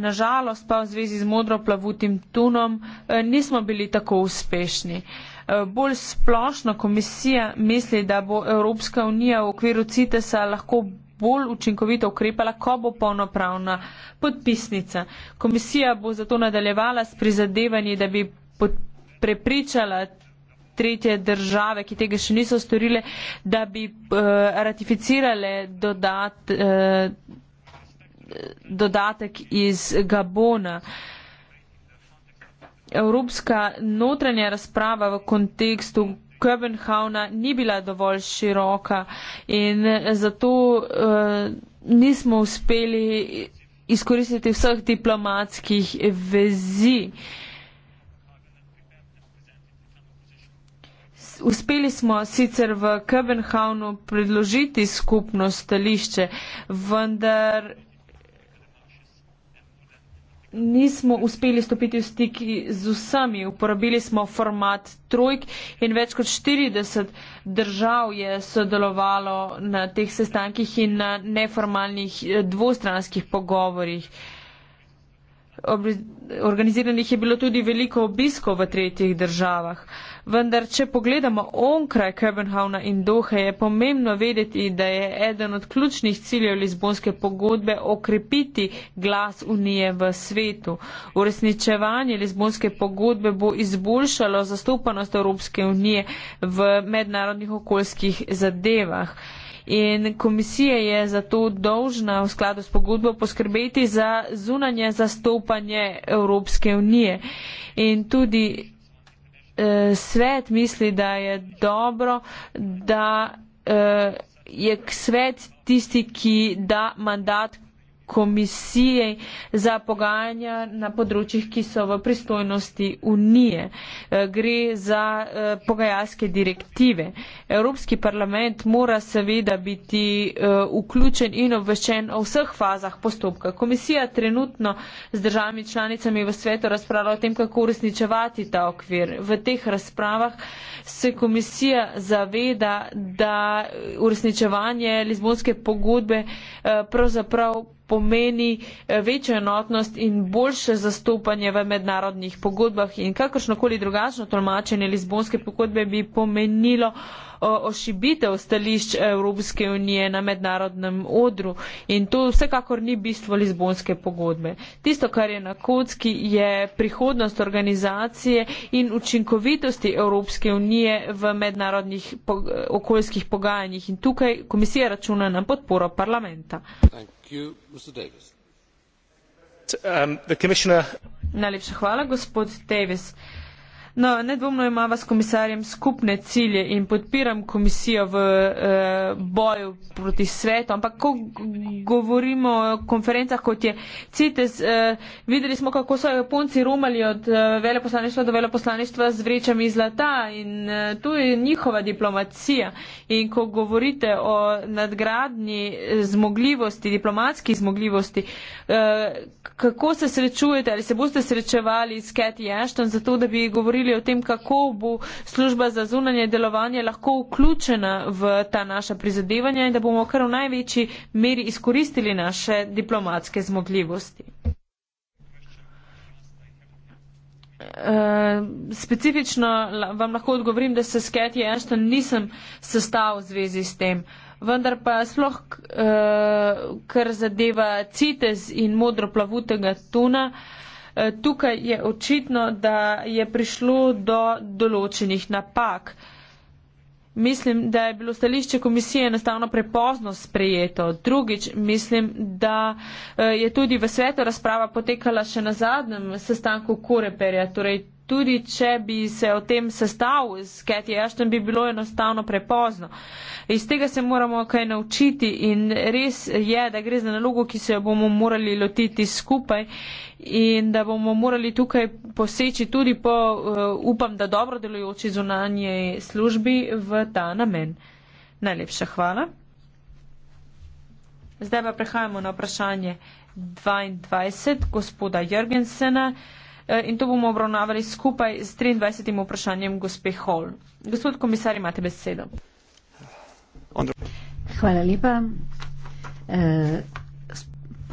Nažalost pa v zvezi z modro plavutim tunom nismo bili tako uspešni. Eh, bolj splošno komisija misli, da bo Evropska unija v okviru CITES-a lahko bolj učinkovito ukrepala, ko bo polnopravna podpisnica. Komisija bo zato nadaljevala s prizadevanji, da bi prepričala tretje države, ki tega še niso storile, da bi uh, ratificirale dodat, uh, dodatek iz Gabona. Uh, evropska notranja razprava v kontekstu Köbenhavna ni bila dovolj široka in zato uh, nismo uspeli izkoristiti vseh diplomatskih vezi. Uspeli smo sicer v Köbenhavnu predložiti skupno stališče, vendar nismo uspeli stopiti v stik z vsemi. Uporabili smo format trojk in več kot 40 držav je sodelovalo na teh sestankih in na neformalnih eh, dvostranskih pogovorjih. Organiziranih je bilo tudi veliko obiskov v tretjih državah. Uh, Vendar, če pogledamo onkraj Köbenhavna in Doha, je pomembno vedeti, da je eden od ključnih ciljev Lizbonske pogodbe okrepiti glas Unije v svetu. Uresničevanje Lizbonske pogodbe bo izboljšalo zastopanost Evropske unije v mednarodnih okoljskih zadevah. In komisija je zato dolžna v skladu s pogodbo poskrbeti za zunanje zastopanje Evropske unije. In tudi E, svet misli, da je dobro, da e, je svet tisti, ki da mandat komisije za pogajanja na področjih, ki so v pristojnosti unije. Eh, gre za eh, pogajalske direktive. Evropski parlament mora seveda biti eh, vključen in obveščen o vseh fazah postopka. Komisija trenutno z državami članicami v svetu razpravlja o tem, kako uresničevati ta okvir. V teh razpravah se komisija zaveda, da uresničevanje Lizbonske pogodbe pravzaprav pomeni eh, večjo enotnost in boljše zastopanje v mednarodnih pogodbah in kakršnokoli drugačno tolmačenje Lizbonske pogodbe bi pomenilo eh, ošibitev stališč Evropske unije na mednarodnem odru in to vsekakor ni bistvo Lizbonske pogodbe. Tisto, kar je na kocki, je prihodnost organizacije in učinkovitosti Evropske unije v mednarodnih okoljskih pogajanjih in tukaj komisija računa na podporo parlamenta. Thank you. Um, najlepša hvala gospod davies. No, nedvomno imava s komisarjem skupne cilje in podpiram komisijo v eh, boju proti svetu, ampak ko govorimo o konferencah kot je CITES, eh, videli smo, kako so Japonci rumali od eh, veleposlaništva do veleposlaništva z vrečami zlata in eh, tu je njihova diplomacija. In ko govorite o nadgradni eh, zmogljivosti, diplomatski zmogljivosti, eh, kako se srečujete ali se boste srečevali s Cathy Ashton za to, da bi govorili govorili o tem, kako bo služba za zunanje delovanje lahko vključena v ta naša prizadevanja in da bomo kar v največji meri izkoristili naše diplomatske zmogljivosti. Uh, specifično vam lahko odgovorim, da se s Cathy Ashton nisem sestal v zvezi s tem. Vendar pa sploh, uh, kar zadeva CITES in modro plavutega tuna, uh, Eh, tukaj je očitno, da je prišlo do določenih napak. Mislim, da je bilo stališče komisije enostavno prepozno sprejeto. Drugič, mislim, da eh, je tudi v svetu razprava potekala še na zadnjem sestanku Koreperja, torej tudi če bi se o tem sestal s Kati Ashton, bi bilo enostavno prepozno. Iz tega se moramo kaj naučiti in res je, da gre za nalogo, ki se jo bomo morali lotiti skupaj in da bomo morali tukaj poseči tudi po, uh, upam, da dobro delujoči zunanje službi v ta namen. Najlepša hvala. Zdaj pa prehajamo na vprašanje 22 gospoda Jorgensena. Eh, in to bomo obravnavali skupaj z 23. vprašanjem gospe Hall. Gospod komisar, imate besedo. Hvala lepa. E,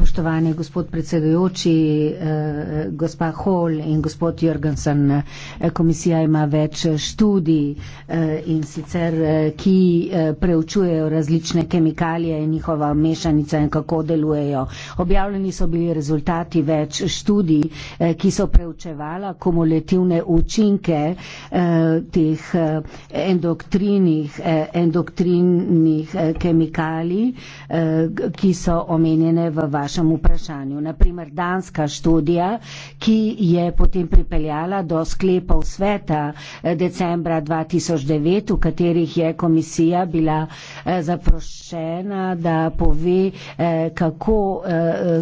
spoštovani gospod predsedujoči, eh, gospa Hol in gospod Jorgensen. Eh, komisija ima več študij eh, in sicer, eh, ki eh, preučujejo različne kemikalije in njihova mešanica in kako delujejo. Objavljeni so bili rezultati več študij, eh, ki so preučevala kumulativne učinke eh, teh eh, endoktrinih, eh, endoktrinih eh, kemikalij, eh, ki so omenjene v vašem vašem vprašanju. Naprimer, danska študija, ki je potem pripeljala do sklepov sveta eh, decembra 2009, v katerih je komisija bila eh, zaprošena, da pove, eh, kako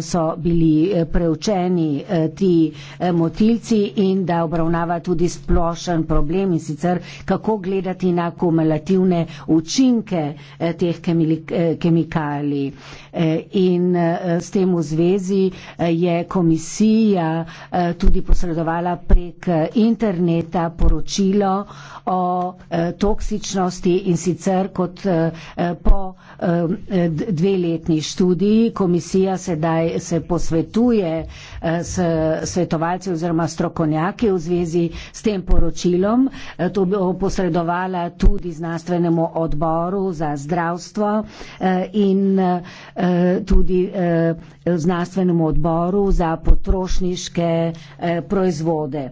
so bili preučeni ti motilci in da obravnava tudi splošen problem in sicer kako gledati na kumulativne učinke teh kemikalij. Eh, in eh, s tem v zvezi eh, je komisija tudi posredovala prek interneta poročilo o toksičnosti in sicer kot po dveletni študiji komisija sedaj se posvetuje s svetovalci oziroma strokovnjaki v zvezi s tem poročilom. To bo posredovala tudi znanstvenemu odboru za zdravstvo in Eh, tudi eh, znanstvenemu odboru za potrošniške eh, proizvode.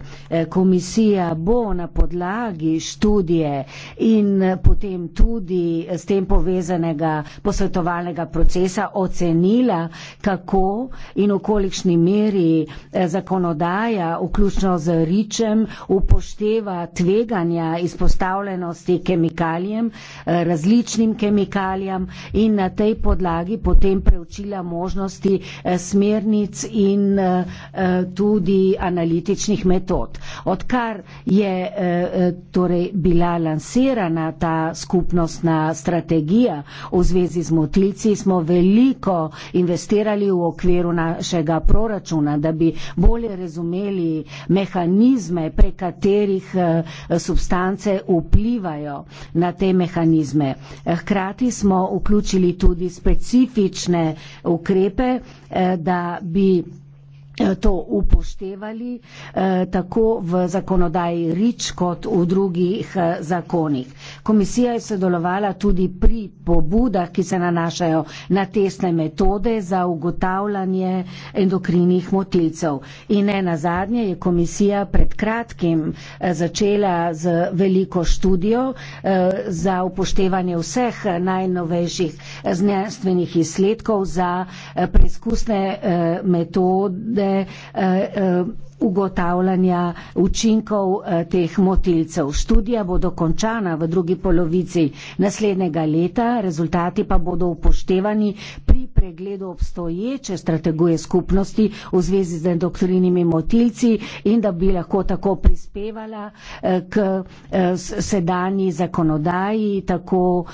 Komisija bo na podlagi študije in potem tudi s tem povezanega posvetovalnega procesa ocenila, kako in v kolikšni meri zakonodaja, vključno z ričem, upošteva tveganja izpostavljenosti kemikalijem, različnim kemikalijam in na tej podlagi potrebuje potem preučila možnosti eh, smernic in eh, eh, tudi analitičnih metod. Odkar je torej bila lansirana ta skupnostna strategija v zvezi z motilci, smo veliko investirali v okviru našega proračuna, da bi bolje razumeli mehanizme, prek katerih substance vplivajo na te mehanizme. Hkrati smo vključili tudi specifične drastične ukrepe, eh, da bi Eh, to upoštevali eh, tako v zakonodaji Rič kot v drugih eh, zakonih. Komisija je sodelovala tudi pri pobudah, ki se nanašajo na tesne metode za ugotavljanje endokrinih motilcev. In ne na zadnje je komisija pred kratkim začela z veliko študijo za upoštevanje vseh najnovejših znanstvenih izsledkov za preizkusne metode uh, uh, ugotavljanja učinkov eh, teh motilcev. Študija bo dokončana v drugi polovici naslednjega leta, rezultati pa bodo upoštevani pri pregledu obstoječe strategije skupnosti v zvezi z endokrinimi motilci in da bi lahko tako prispevala eh, k eh, sedanji zakonodaji, tako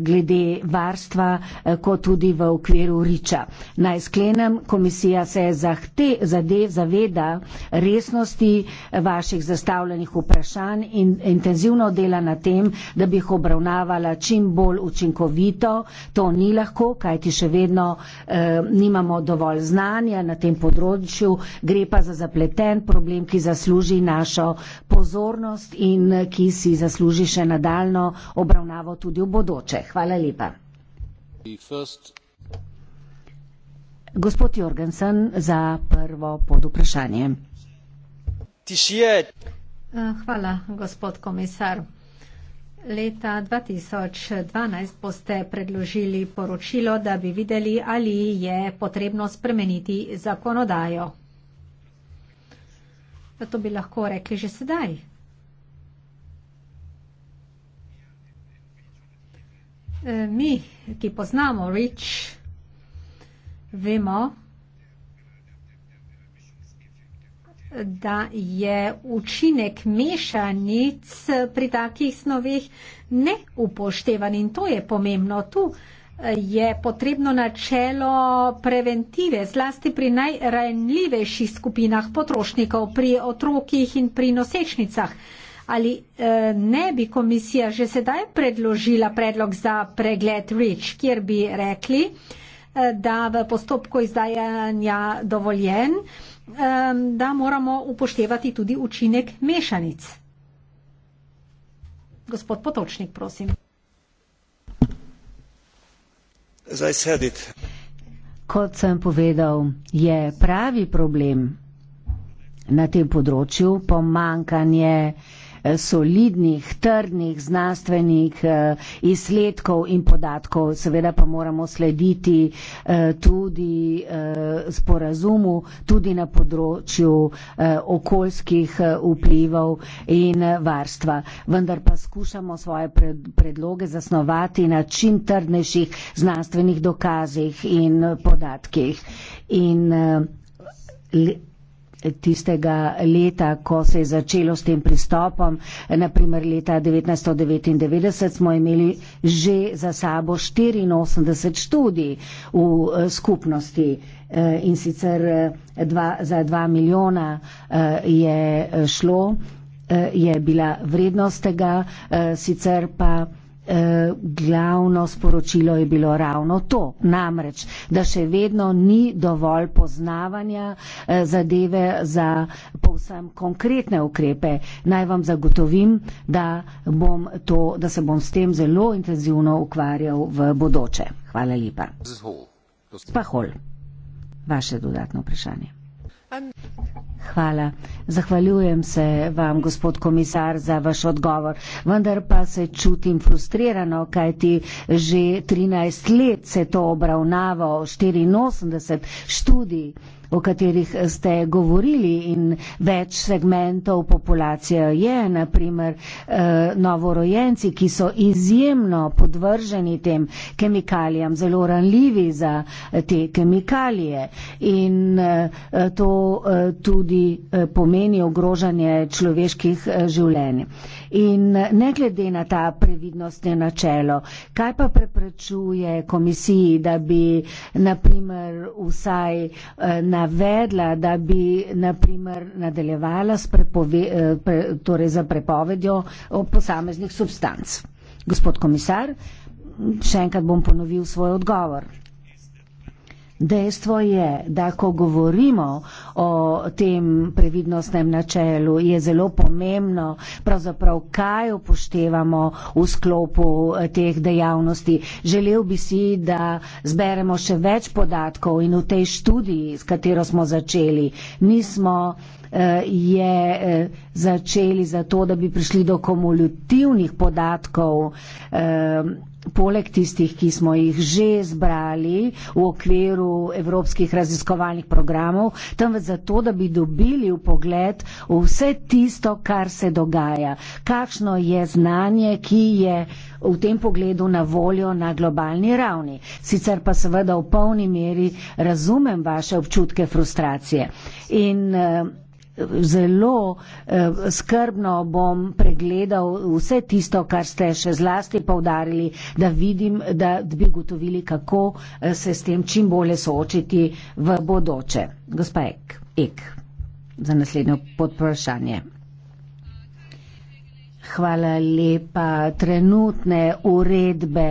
glede varstva, kot tudi v okviru riča. Naj sklenem, komisija se zahte, zadev zaveda resnosti vaših zastavljenih vprašanj in intenzivno dela na tem, da bi jih obravnavala čim bolj učinkovito. To ni lahko, kajti še vedno eh, nimamo dovolj znanja na tem področju. Gre pa za zapleten problem, ki zasluži našo pozornost in eh, ki si zasluži še nadaljno obravnavo tudi v bodoče. Hvala lepa. Gospod Jorgensen za prvo podvprašanje tišije. Eh, hvala, gospod komisar. Leta 2012 boste predložili poročilo, da bi videli, ali je potrebno spremeniti zakonodajo. Zato bi lahko rekli že sedaj. Eh, mi, ki poznamo REACH, vemo, da je učinek mešanic pri takih snoveh neupoštevan in to je pomembno. Tu eh, je potrebno načelo preventive, zlasti pri najranljivejših skupinah potrošnikov, pri otrokih in pri nosečnicah. Ali eh, ne bi komisija že sedaj predložila predlog za pregled REACH, kjer bi rekli, eh, da v postopku izdajanja dovoljen, da moramo upoštevati tudi učinek mešanic. Gospod Potočnik, prosim. Zdaj sedite. Kot sem povedal, je pravi problem na tem področju pomankanje Eh, solidnih, trdnih znanstvenih eh, izsledkov in podatkov. Seveda pa moramo slediti eh, tudi sporazumu, tudi na področju okoljskih vplivov in varstva. Vendar pa skušamo svoje predloge zasnovati na čim trdnejših znanstvenih dokazih in podatkih. In, tistega leta, ko se je začelo s tem pristopom. Naprimer, leta 1999 smo imeli že za sabo 84 študij v eh, skupnosti eh, in sicer eh, dva, za 2 milijona je šlo, je bila vrednost tega, sicer pa glavno sporočilo je bilo ravno to, namreč, da še vedno ni dovolj poznavanja eh, zadeve za povsem konkretne ukrepe. Naj vam zagotovim, da, bom to, da se bom s tem zelo intenzivno ukvarjal v bodoče. Hvala lepa. Spahol. Vaše dodatno vprašanje. Hvala. Zahvaljujem se vam, gospod komisar, za vaš odgovor. Vendar pa se čutim frustrirano, kajti že 13 let se to obravnava, 84 študij o katerih ste govorili in več segmentov populacije je, naprimer eh, novorojenci, ki so izjemno podvrženi tem kemikalijam, zelo ranljivi za eh, te kemikalije in eh, to tudi pomeni ogrožanje človeških življenj. In ne glede na ta previdnostne načelo, kaj pa preprečuje komisiji, da bi naprimer vsaj na navedla, da bi naprimer nadaljevala s prepove, eh, pre, torej za prepovedjo posameznih substanc. Gospod komisar, še enkrat bom ponovil svoj odgovor. Dejstvo je, da ko govorimo o tem previdnostnem načelu, je zelo pomembno, pravzaprav kaj upoštevamo v sklopu eh, teh dejavnosti. Želel bi si, da zberemo še več podatkov in v tej študiji, s katero smo začeli, nismo eh, je eh, začeli za to, da bi prišli do kumulativnih podatkov poleg tistih, ki smo jih že zbrali v okviru evropskih raziskovalnih programov, temveč zato, da bi dobili v pogled vse tisto, kar se dogaja. Kakšno je znanje, ki je v tem pogledu na voljo na globalni ravni. Sicer pa seveda v polni meri razumem vaše občutke frustracije. In, eh, zelo eh, skrbno bom pregledal vse tisto, kar ste še zlasti povdarili, da vidim, da bi gotovili, kako eh, se s tem čim bolje soočiti v bodoče. Gospa Ek, Ek za naslednjo podprašanje. Hvala lepa. Trenutne uredbe,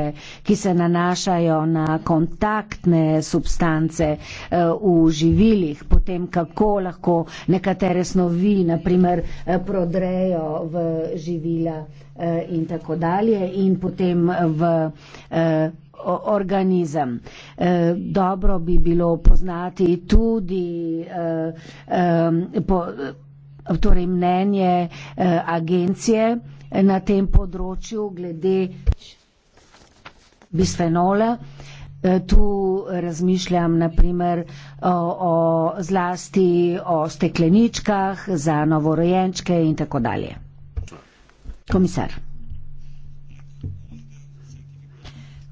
ki se nanašajo na kontaktne substance eh, v živilih, potem kako lahko nekatere snovi, naprimer, eh, prodrejo v živila eh, in tako dalje in potem v organizem. Dobro bi bilo poznati tudi po torej mnenje eh, agencije eh, na tem področju glede bisfenola. Eh, tu razmišljam naprimer o, o zlasti o stekleničkah za novorojenčke in tako dalje. Komisar.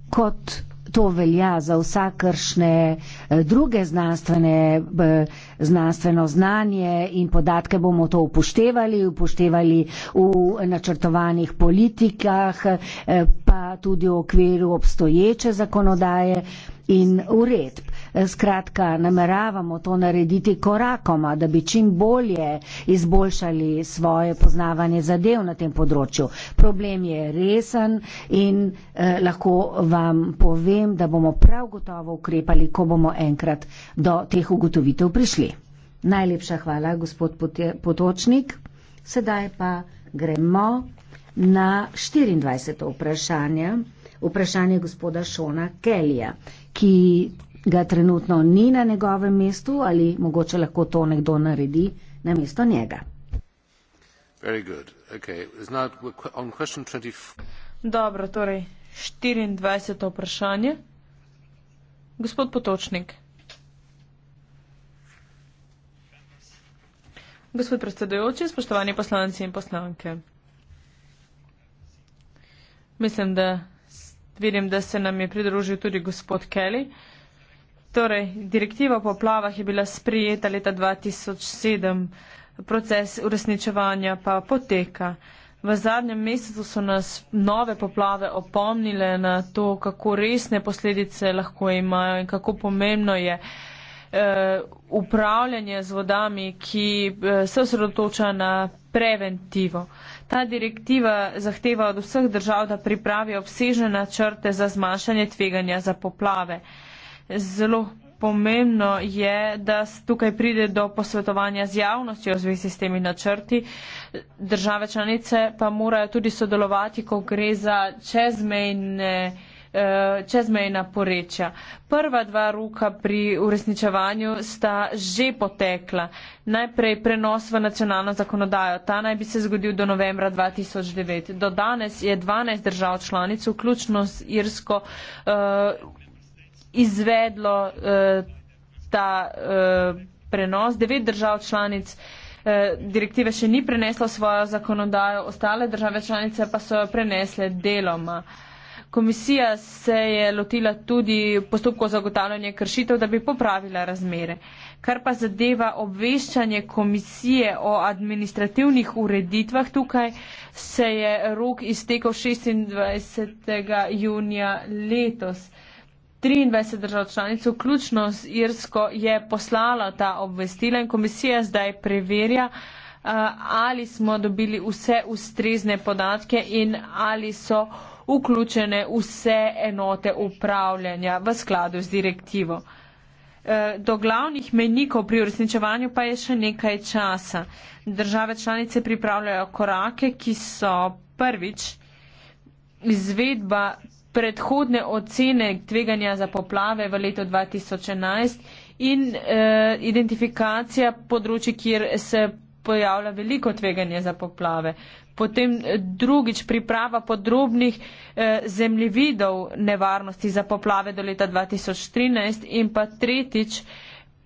Kot to velja za vsakršne eh, druge znanstvene, eh, znanstveno znanje in podatke bomo to upoštevali, upoštevali v načrtovanih politikah, eh, pa tudi v okviru obstoječe zakonodaje in uredb. Eh, skratka, nameravamo to narediti korakoma, da bi čim bolje izboljšali svoje poznavanje zadev na tem področju. Problem je resen in eh, lahko vam povem, da bomo prav gotovo ukrepali, ko bomo enkrat do teh ugotovitev prišli. Najlepša hvala, gospod Potočnik. Sedaj pa gremo na 24. vprašanje, vprašanje gospoda Šona Kelija, ki ga trenutno ni na njegovem mestu ali mogoče lahko to nekdo naredi na mesto njega. Dobro, torej 24. vprašanje. Gospod Potočnik. Gospod predsedujoči, spoštovani poslanci in poslanke. Mislim, da vidim, da se nam je pridružil tudi gospod Kelly. Uh, Torej, direktiva o poplavah je bila sprijeta leta 2007, proces uresničevanja pa poteka. V zadnjem mesecu so nas nove poplave opomnile na to, kako resne posledice lahko imajo in kako pomembno je eh, upravljanje z vodami, ki eh, se osredotoča na preventivo. Ta direktiva zahteva od vseh držav, da pripravijo obsežne načrte za zmanjšanje tveganja za poplave. Eh, zelo pomembno je, da tukaj pride do posvetovanja z javnostjo v zvezi s temi načrti. Države članice pa morajo tudi sodelovati, ko gre za čezmejne eh, čezmejna porečja. Prva dva ruka pri uresničevanju sta že potekla. Najprej prenos v nacionalno zakonodajo. Ta naj bi se zgodil do novembra 2009. Do danes je 12 držav članic, vključno s Irsko, uh, izvedlo eh, ta eh, prenos. Devet držav članic eh, direktive še ni preneslo svojo zakonodajo, ostale države članice pa so jo prenesle deloma. Komisija se je lotila tudi postopko zagotavljanja kršitev, da bi popravila razmere. Kar pa zadeva obveščanje komisije o administrativnih ureditvah, tukaj se je rok iztekel 26. junija letos. Uh, 23 držav članic, vključno z Irsko, je poslala ta obvestila in komisija zdaj preverja, eh, ali smo dobili vse ustrezne podatke in ali so vključene vse enote upravljanja v skladu z direktivo. Eh, do glavnih menikov pri uresničevanju pa je še nekaj časa. Države članice pripravljajo korake, ki so prvič izvedba predhodne ocene tveganja za poplave v letu 2011 in eh, identifikacija področji, kjer se pojavlja veliko tveganje za poplave. Potem eh, drugič priprava podrobnih eh, zemljevidov nevarnosti za poplave do leta 2013 in pa tretjič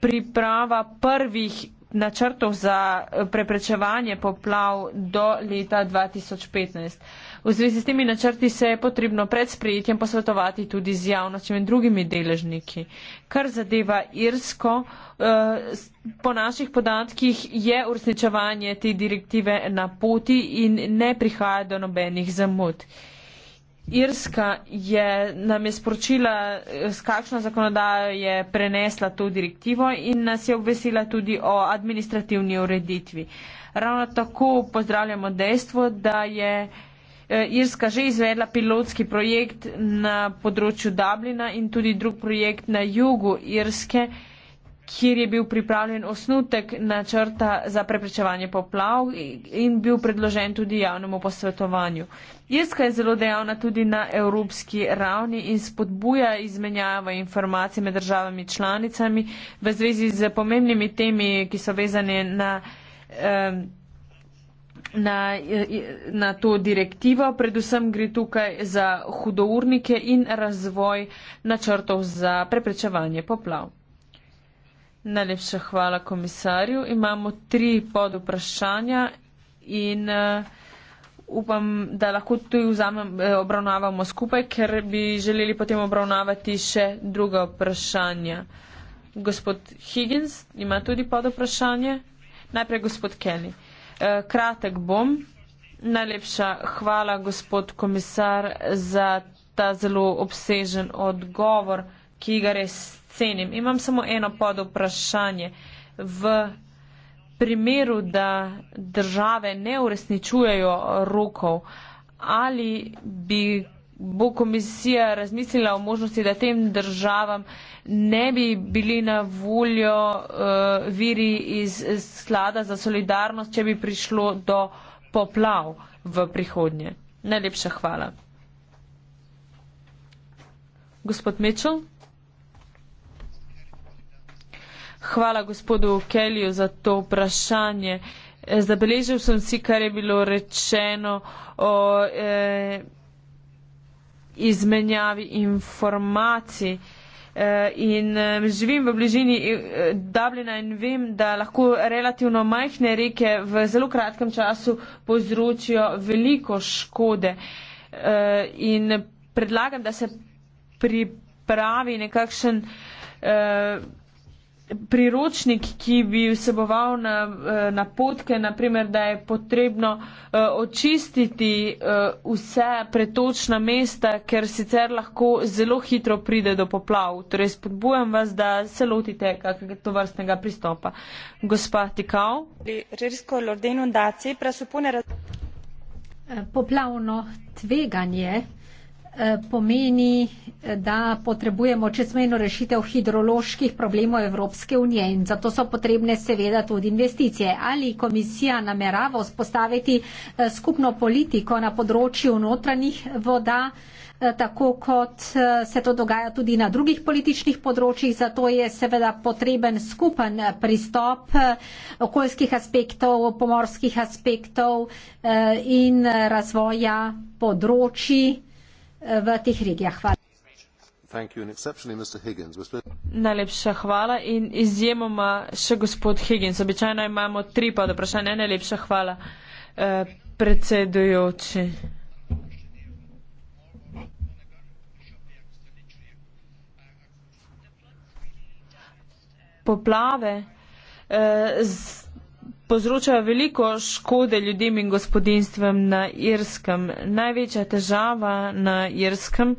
priprava prvih načrtov za eh, preprečevanje poplav do leta 2015. V zvezi s temi načrti se je potrebno pred sprejetjem posvetovati tudi z javnostjo in drugimi deležniki. Kar zadeva Irsko, eh, po naših podatkih je uresničevanje te direktive na poti in ne prihaja do nobenih zamud. Irska je, nam je sporočila, eh, s kakšno zakonodajo je prenesla to direktivo in nas je obvesila tudi o administrativni ureditvi. Ravno tako pozdravljamo dejstvo, da je. Eh, Irska že izvedla pilotski projekt na področju Dublina in tudi drug projekt na jugu Irske, kjer je bil pripravljen osnutek načrta za preprečevanje poplav in bil predložen tudi javnemu posvetovanju. Irska je zelo dejavna tudi na evropski ravni in spodbuja izmenjavo informacij med državami članicami v zvezi z pomembnimi temi, ki so vezane na. Eh, na, na to direktivo. Predvsem gre tukaj za hudournike in razvoj načrtov za preprečevanje poplav. Najlepša hvala komisarju. Imamo tri podvprašanja in uh, upam, da lahko tudi vzamem, eh, obravnavamo skupaj, ker bi želeli potem obravnavati še druga vprašanja. Gospod Higgins ima tudi podvprašanje. Najprej gospod Kelly. Uh, Eh, kratek bom. Najlepša hvala, gospod komisar, za ta zelo obsežen odgovor, ki ga res cenim. Imam samo eno pod vprašanje. V primeru, da države ne uresničujejo rokov, ali bi bo komisija razmislila o možnosti, da tem državam ne bi bili na voljo uh, viri iz sklada za solidarnost, če bi prišlo do poplav v prihodnje. Najlepša hvala. Gospod Mitchell. Hvala gospodu Kelju za to vprašanje. Zabeležil sem si, kar je bilo rečeno o. Eh, izmenjavi informacij. Eh, in eh, živim v bližini eh, Dublina in vem, da lahko relativno majhne reke v zelo kratkem času povzročijo veliko škode. In predlagam, da se pripravi nekakšen priročnik, ki bi vseboval na, eh, na potke, naprimer, da je potrebno eh, očistiti eh, vse pretočna mesta, ker sicer lahko zelo hitro pride do poplav. Torej, spodbujam vas, da se lotite kakega to vrstnega pristopa. Gospa Tikal. Poplavno tveganje Eh, pomeni, eh, da potrebujemo čezmejno rešitev hidroloških problemov Evropske unije in zato so potrebne seveda tudi investicije. Ali komisija namerava vzpostaviti eh, skupno politiko na področju notranjih voda, tako kot se to dogaja tudi na drugih političnih področjih, zato je seveda potreben skupen pristop okoljskih aspektov, pomorskih aspektov in razvoja področji v teh regijah. Hvala. Najlepša hvala in izjemoma še gospod Higgins. Običajno imamo tri pa do vprašanja. Najlepša hvala, eh, predsedujoči. Poplave. Eh, z, povzročajo veliko škode ljudem in gospodinstvom na Irskem. Največja težava na Irskem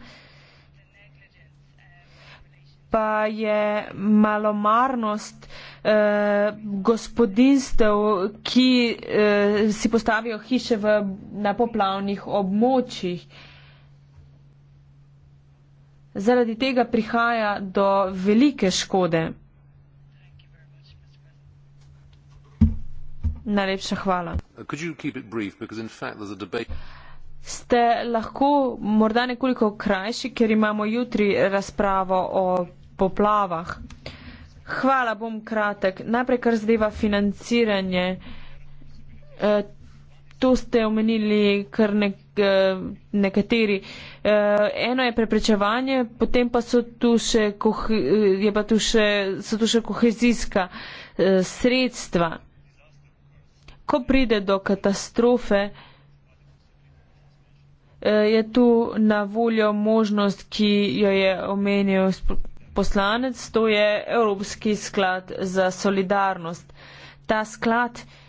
pa je malomarnost eh, gospodinstv, ki eh, si postavijo hiše v, na poplavnih območjih. Zaradi tega prihaja do velike škode. Najlepša hvala. Ste lahko morda nekoliko krajši, ker imamo jutri razpravo o poplavah. Hvala, bom kratek. Najprej, kar zadeva financiranje. E, to ste omenili kar nek, e, eh, nekateri. E, eno je preprečevanje, potem pa so tu še, kohe, pa tu še, so tu še kohezijska e, sredstva ko pride do katastrofe, eh, je tu na voljo možnost, ki jo je omenil poslanec, to je Evropski sklad za solidarnost. Ta sklad je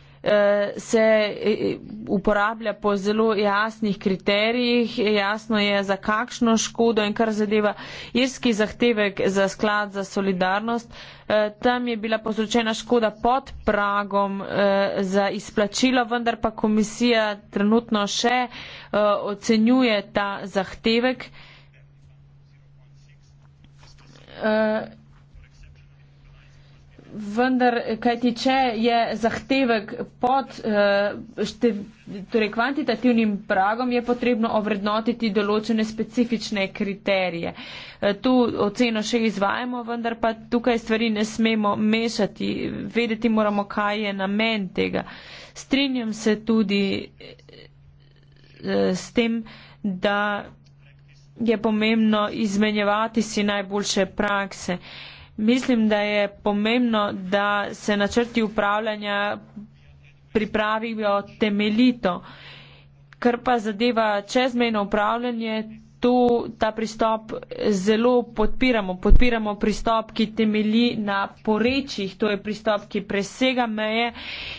se e, e, uporablja po zelo jasnih kriterijih, jasno je za kakšno škodo in kar zadeva irski zahtevek za sklad za solidarnost. E, tam je bila povzročena škoda pod pragom za izplačilo, vendar pa komisija trenutno še ocenjuje ta zahtevek vendar, kajti če je zahtevek pod eh, štev, torej kvantitativnim pragom, je potrebno ovrednotiti določene specifične kriterije. Eh, tu oceno še izvajamo, vendar pa tukaj stvari ne smemo mešati. Vedeti moramo, kaj je namen tega. Strinjam se tudi eh, s tem, da je pomembno izmenjevati si najboljše prakse. Uh, mislim, da je pomembno, da se načrti upravljanja pripravijo temeljito. Kar pa zadeva čezmejno upravljanje, tu ta pristop zelo podpiramo. Podpiramo pristop, ki temelji na porečjih, to je pristop, ki presega meje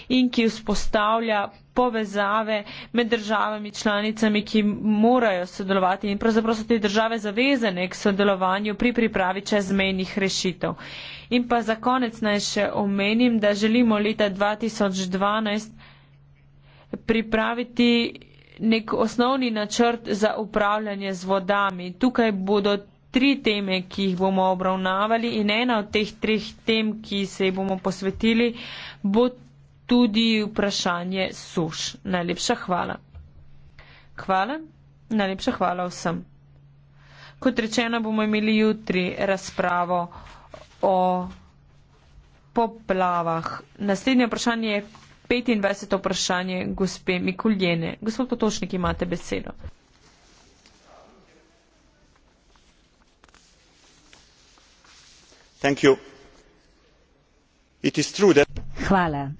in ki vzpostavlja povezave med državami članicami, ki morajo sodelovati in pravzaprav so te države zavezane k sodelovanju pri pripravi čezmejnih rešitev. In pa za konec naj še omenim, da želimo leta 2012 pripraviti nek osnovni načrt za upravljanje z vodami. Tukaj bodo tri teme, ki jih bomo obravnavali in ena od teh treh tem, ki se jih bomo posvetili, bo tudi vprašanje suš. Najlepša hvala. Hvala. Najlepša hvala vsem. Kot rečeno, bomo imeli jutri razpravo o poplavah. Naslednje vprašanje je 25. vprašanje gospe Mikuljene. Gospod Potošnik, imate besedo. Hvala.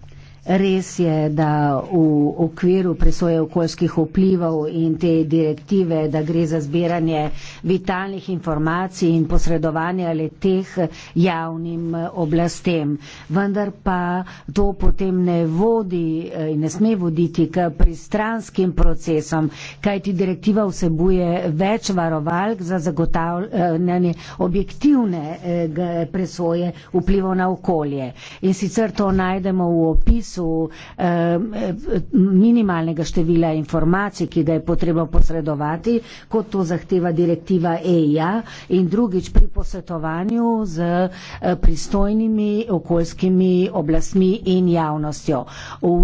Res je, da v okviru presoje okoljskih vplivov in te direktive, da gre za zbiranje vitalnih informacij in posredovanje ali teh javnim eh, oblastem. Vendar pa to potem ne vodi eh, in ne sme voditi k pristranskim procesom, kajti direktiva vsebuje več varovalk za zagotavljanje objektivne eh, presoje vplivov na okolje. In sicer to najdemo v opisu prenosu eh, eh, minimalnega števila informacij, ki ga je potrebno posredovati, kot to zahteva direktiva EIA in drugič pri posvetovanju z eh, pristojnimi okoljskimi oblastmi in javnostjo.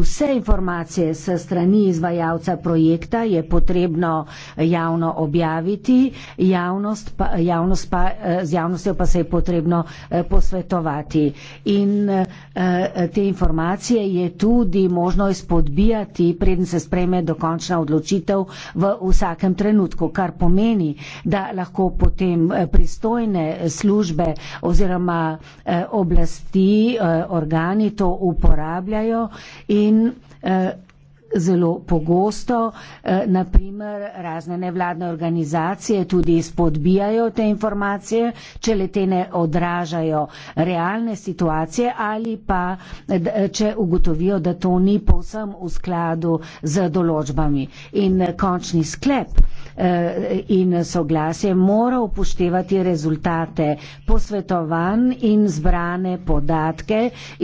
Vse informacije s strani izvajalca projekta je potrebno eh, javno objaviti, javnost pa, javnost pa, eh, z javnostjo pa se je potrebno eh, posvetovati. In eh, eh te informacije je je tudi možno izpodbijati, preden se spreme dokončna odločitev v vsakem trenutku, kar pomeni, da lahko potem eh, pristojne službe oziroma eh, oblasti, eh, organi to uporabljajo in zelo pogosto. Eh, Naprimer, razne nevladne organizacije tudi spodbijajo te informacije, če letene odražajo realne situacije ali pa eh, eh, če ugotovijo, da to ni povsem v skladu z določbami. In končni sklep Eh, in soglasje mora upoštevati rezultate posvetovanj in zbrane podatke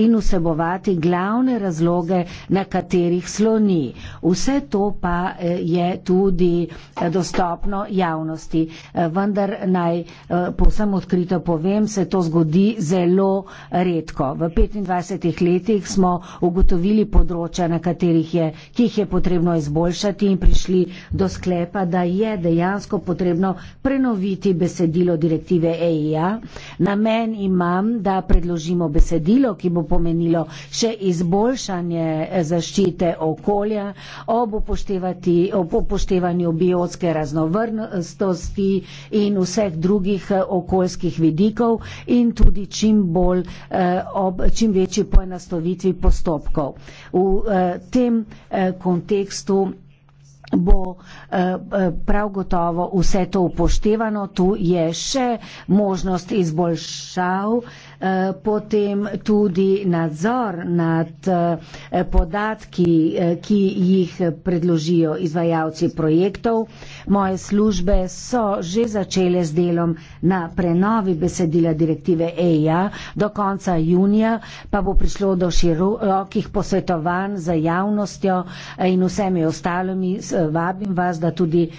in vsebovati glavne razloge, na katerih sloni. Vse to pa eh, je tudi eh, dostopno javnosti. Vendar naj povsem odkrito povem, se to zgodi zelo redko. V 25 letih smo ugotovili področja, na katerih je, ki jih je potrebno izboljšati in prišli do sklepa, da je je dejansko potrebno prenoviti besedilo direktive EIA. Namen imam, da predložimo besedilo, ki bo pomenilo še izboljšanje zaščite okolja ob, ob upoštevanju biotske raznovrstnosti in vseh drugih eh, okoljskih vidikov in tudi čim, bolj, eh, ob, čim večji poenostavitvi postopkov. V eh, tem kontekstu bo eh, eh, prav gotovo vse to upoštevano. Tu je še možnost izboljšav, Eh, potem tudi nadzor nad eh, podatki, eh, ki jih predložijo izvajalci projektov. Moje službe so že začele z delom na prenovi besedila direktive EIA. Do konca junija pa bo prišlo do širokih posvetovanj za javnostjo in vsemi ostalimi. Vabim vas, da tudi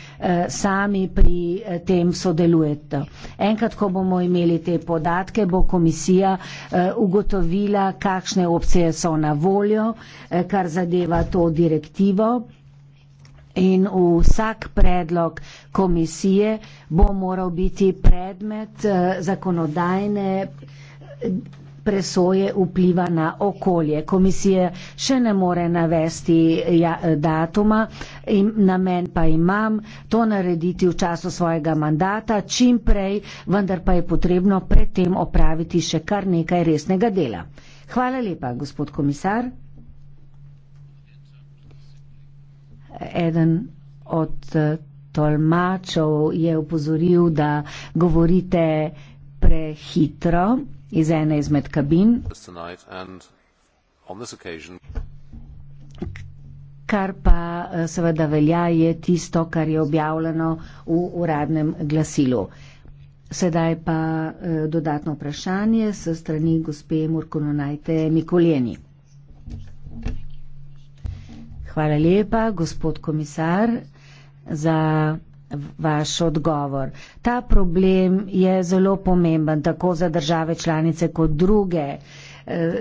sami pri tem sodelujete. Enkrat, ko bomo imeli te podatke, bo komisija komisija eh, ugotovila, kakšne opcije so na voljo, eh, kar zadeva to direktivo. In vsak predlog komisije bo moral biti predmet eh, zakonodajne presoje vpliva na okolje. Komisija še ne more navesti ja, datuma, namen pa imam to narediti v času svojega mandata, čim prej, vendar pa je potrebno predtem opraviti še kar nekaj resnega dela. Hvala lepa, gospod komisar. Eden od tolmačev je upozoril, da govorite prehitro iz ene izmed kabin, kar pa eh, seveda velja je tisto, kar je objavljeno v uradnem glasilu. Sedaj pa eh, dodatno vprašanje s strani gospe Murkunonajte Mikuljeni. Hvala lepa, gospod komisar, za vaš odgovor. Ta problem je zelo pomemben tako za države članice kot druge, eh,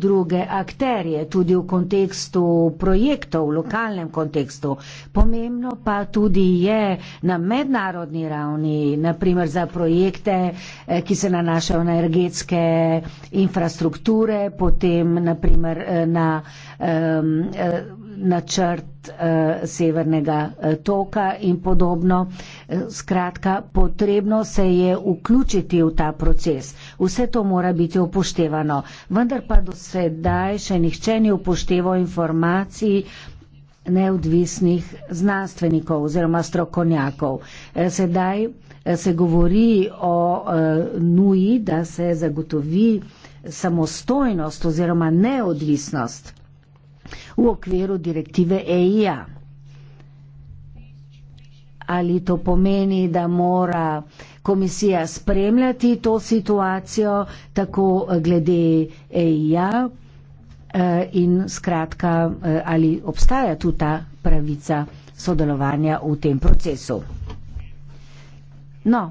druge akterje, tudi v kontekstu projektov, v lokalnem kontekstu. Pomembno pa tudi je na mednarodni ravni, naprimer za projekte, eh, ki se nanašajo na energetske infrastrukture, potem naprimer na um, načrt eh, severnega eh, toka in podobno. Eh, skratka, potrebno se je vključiti v ta proces. Vse to mora biti upoštevano. Vendar pa do sedaj še nihče ni upošteval informacij neodvisnih znanstvenikov oziroma strokovnjakov. Eh, sedaj eh, se govori o eh, nuji, da se zagotovi samostojnost oziroma neodvisnost v okviru direktive EIA. Ali to pomeni, da mora komisija spremljati to situacijo, tako glede EIA eh, in skratka, eh, ali obstaja tu ta pravica sodelovanja v tem procesu. No,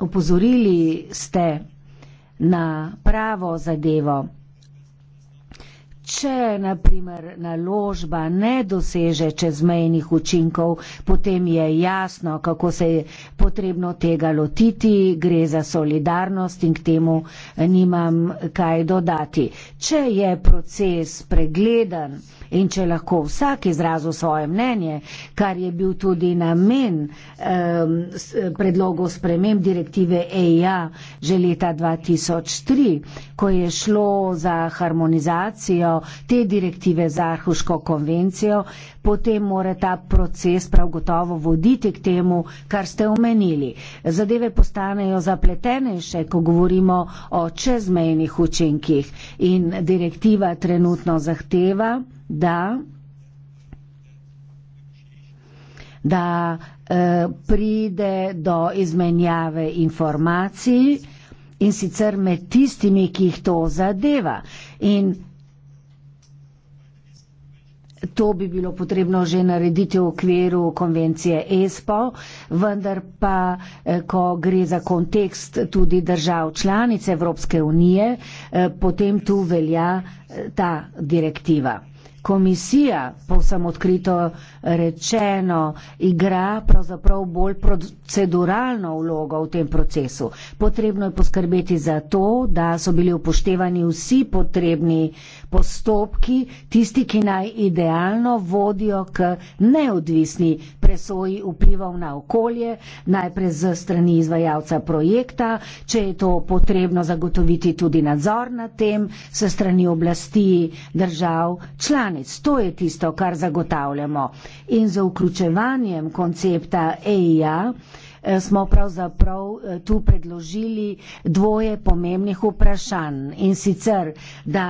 opozorili ste na pravo zadevo. Če naprimer naložba ne doseže čezmejnih učinkov, potem je jasno, kako se je potrebno tega lotiti, gre za solidarnost in k temu nimam kaj dodati. Če je proces pregledan, in če lahko vsak izrazil svoje mnenje, kar je bil tudi namen um, predlogov sprememb direktive EIA že leta 2003, ko je šlo za harmonizacijo te direktive z Arhuško konvencijo, potem mora ta proces prav gotovo voditi k temu, kar ste omenili. Zadeve postanejo zapletenejše, ko govorimo o čezmejnih učinkih in direktiva trenutno zahteva, da, da e, pride do izmenjave informacij in sicer med tistimi, ki jih to zadeva. In to bi bilo potrebno že narediti v okviru konvencije ESPO, vendar pa, eh, ko gre za kontekst tudi držav članic Evropske unije, eh, potem tu velja ta direktiva komisija, povsem odkrito rečeno, igra pravzaprav bolj proceduralno vlogo v tem procesu. Potrebno je poskrbeti za to, da so bili upoštevani vsi potrebni postopki tisti, ki naj idealno vodijo k neodvisni presoji vplivov na okolje, najprej z strani izvajalca projekta, če je to potrebno zagotoviti tudi nadzor nad tem, se strani oblasti držav članic. To je tisto, kar zagotavljamo. In z vključevanjem koncepta EIA, Eh, smo pravzaprav eh, tu predložili dvoje pomembnih vprašanj in sicer, da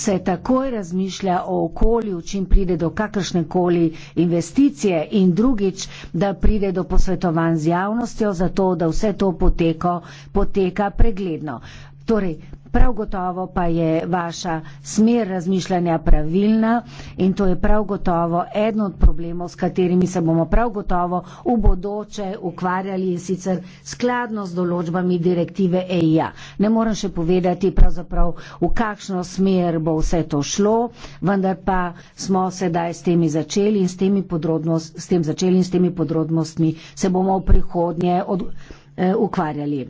se takoj razmišlja o okolju, čim pride do kakršne koli investicije in drugič, da pride do posvetovanj z javnostjo, zato da vse to poteko, poteka pregledno. Torej, Prav gotovo pa je vaša smer razmišljanja pravilna in to je prav gotovo eden od problemov, s katerimi se bomo prav gotovo v bodoče ukvarjali in sicer skladno z določbami direktive EIA. Ne moram še povedati pravzaprav, v kakšno smer bo vse to šlo, vendar pa smo sedaj s temi začeli in s temi, s tem začeli in s temi podrobnostmi se bomo v prihodnje od, eh, ukvarjali.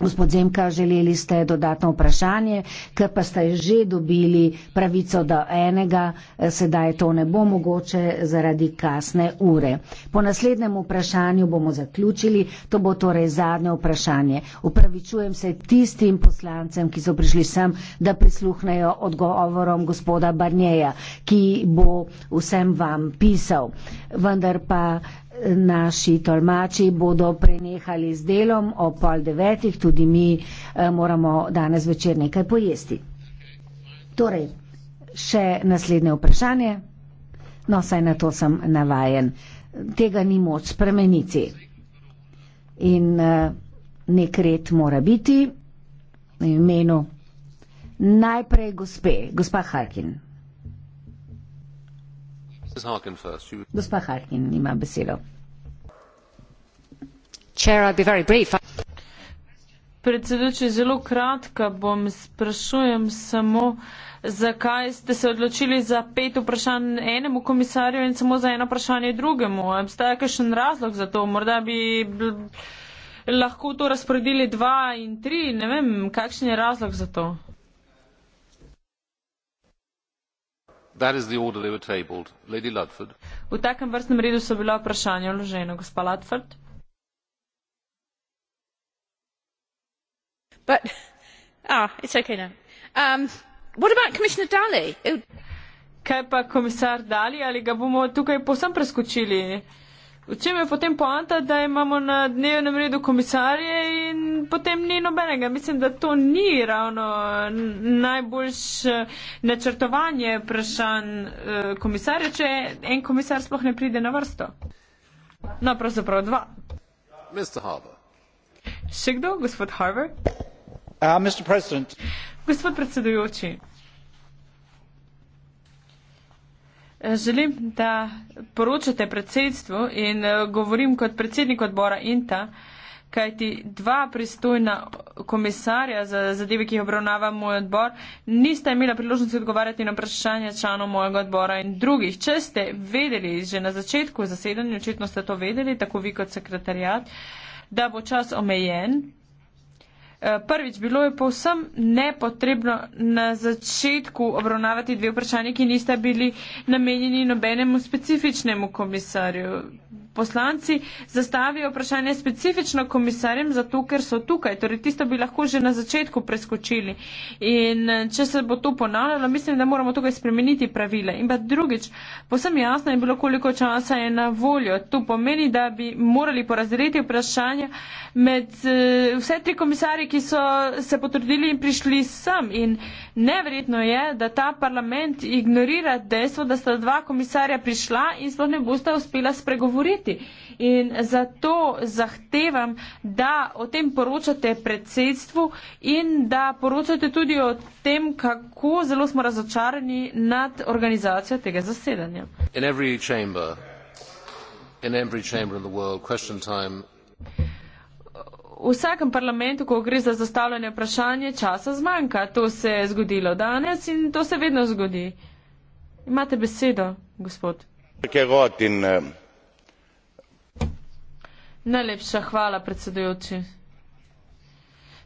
Gospod Zemka, želeli ste dodatno vprašanje, ker pa ste že dobili pravico do enega, eh, sedaj to ne bo mogoče zaradi kasne ure. Po naslednjem vprašanju bomo zaključili, to bo torej zadnje vprašanje. Upravičujem se tistim poslancem, ki so prišli sem, da prisluhnejo odgovorom gospoda Barnjeja, ki bo vsem vam pisal. Vendar pa naši tolmači bodo prenehali z delom o pol devetih, tudi mi eh, moramo danes večer nekaj pojesti. Torej, še naslednje vprašanje. No, saj na to sem navajen. Tega ni moč spremeniti. In eh, nek red mora biti v imenu najprej gospe, gospa Harkin. Gospa Harkin ima besedo. Predsedujoči, zelo kratka bom, sprašujem samo, zakaj ste se odločili za pet vprašanj enemu komisarju in samo za eno vprašanje drugemu. Obstaja kakšen razlog za to? Morda bi lahko to razporedili dva in tri, ne vem, kakšen je razlog za to? v takem vrstnem redu so bila vprašanja vložena gospa ludford But, ah, oh, it's okay now. Um, what about Commissioner Daly? Kaj pa komisar Daly, ali ga bomo tukaj povsem preskočili? Uh, V čem je potem poanta, da imamo na dnevnem redu komisarje in potem ni nobenega? Mislim, da to ni ravno najboljše načrtovanje vprašanj eh, komisarja, če en komisar sploh ne pride na vrsto. No, pravzaprav dva. Mr. Harbour. Še kdo, gospod Harbour? Uh, gospod predsedujoči. Želim, da poročate predsedstvu in eh, govorim kot predsednik odbora INTA, kajti dva pristojna komisarja za zadeve, ki jih obravnava moj odbor, nista imela priložnosti odgovarjati na vprašanje članov mojega odbora in drugih. Če ste vedeli že na začetku zasedanja, očitno ste to vedeli, tako vi kot sekretarjat, da bo čas omejen, Eh, prvič, bilo je povsem nepotrebno na začetku obravnavati dve vprašanje, ki nista bili namenjeni nobenemu specifičnemu komisarju poslanci zastavijo vprašanje specifično komisarjem, zato ker so tukaj. Torej, tisto bi lahko že na začetku preskočili. In eh, če se bo to ponavljalo, mislim, da moramo tukaj spremeniti pravile. In pa drugič, posem jasno je bilo, koliko časa je na voljo. To pomeni, da bi morali porazreti vprašanje med eh, vse tri komisarje, ki so se potrudili in prišli sem. In neverjetno je, da ta parlament ignorira dejstvo, da sta dva komisarja prišla in sploh ne bosta uspela spregovoriti narediti. In zato zahtevam, da o tem poročate predsedstvu in da poročate tudi o tem, kako zelo smo razočarani nad organizacijo tega zasedanja. V vsakem parlamentu, ko gre za zastavljanje vprašanje, časa zmanjka. To se je zgodilo danes in to se vedno zgodi. Imate besedo, gospod. Prekaj rot in eh, Najlepša hvala, predsedujoči.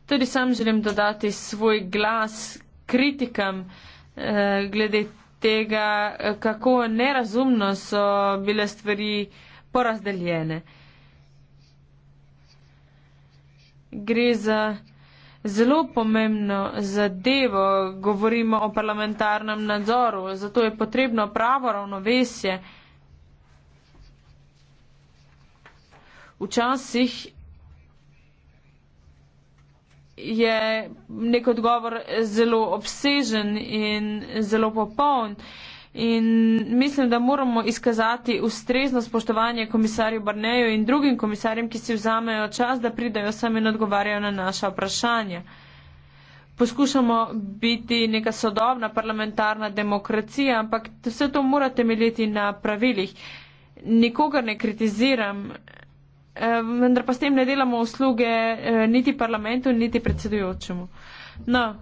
Tudi sam želim dodati svoj glas kritikam eh, glede tega, eh, kako nerazumno so bile stvari porazdeljene. Gre za zelo pomembno zadevo, govorimo o parlamentarnem nadzoru, zato je potrebno pravo ravnovesje. včasih je nek odgovor zelo obsežen in zelo popoln. In mislim, da moramo izkazati ustrezno spoštovanje komisarju Barneju in drugim komisarjem, ki si vzamejo čas, da pridajo sami in odgovarjajo na naša vprašanja. Poskušamo biti neka sodobna parlamentarna demokracija, ampak vse to morate militi na pravilih. Nikogar ne kritiziram, vendar pa s tem ne delamo usluge eh, niti parlamentu, niti predsedujočemu. No,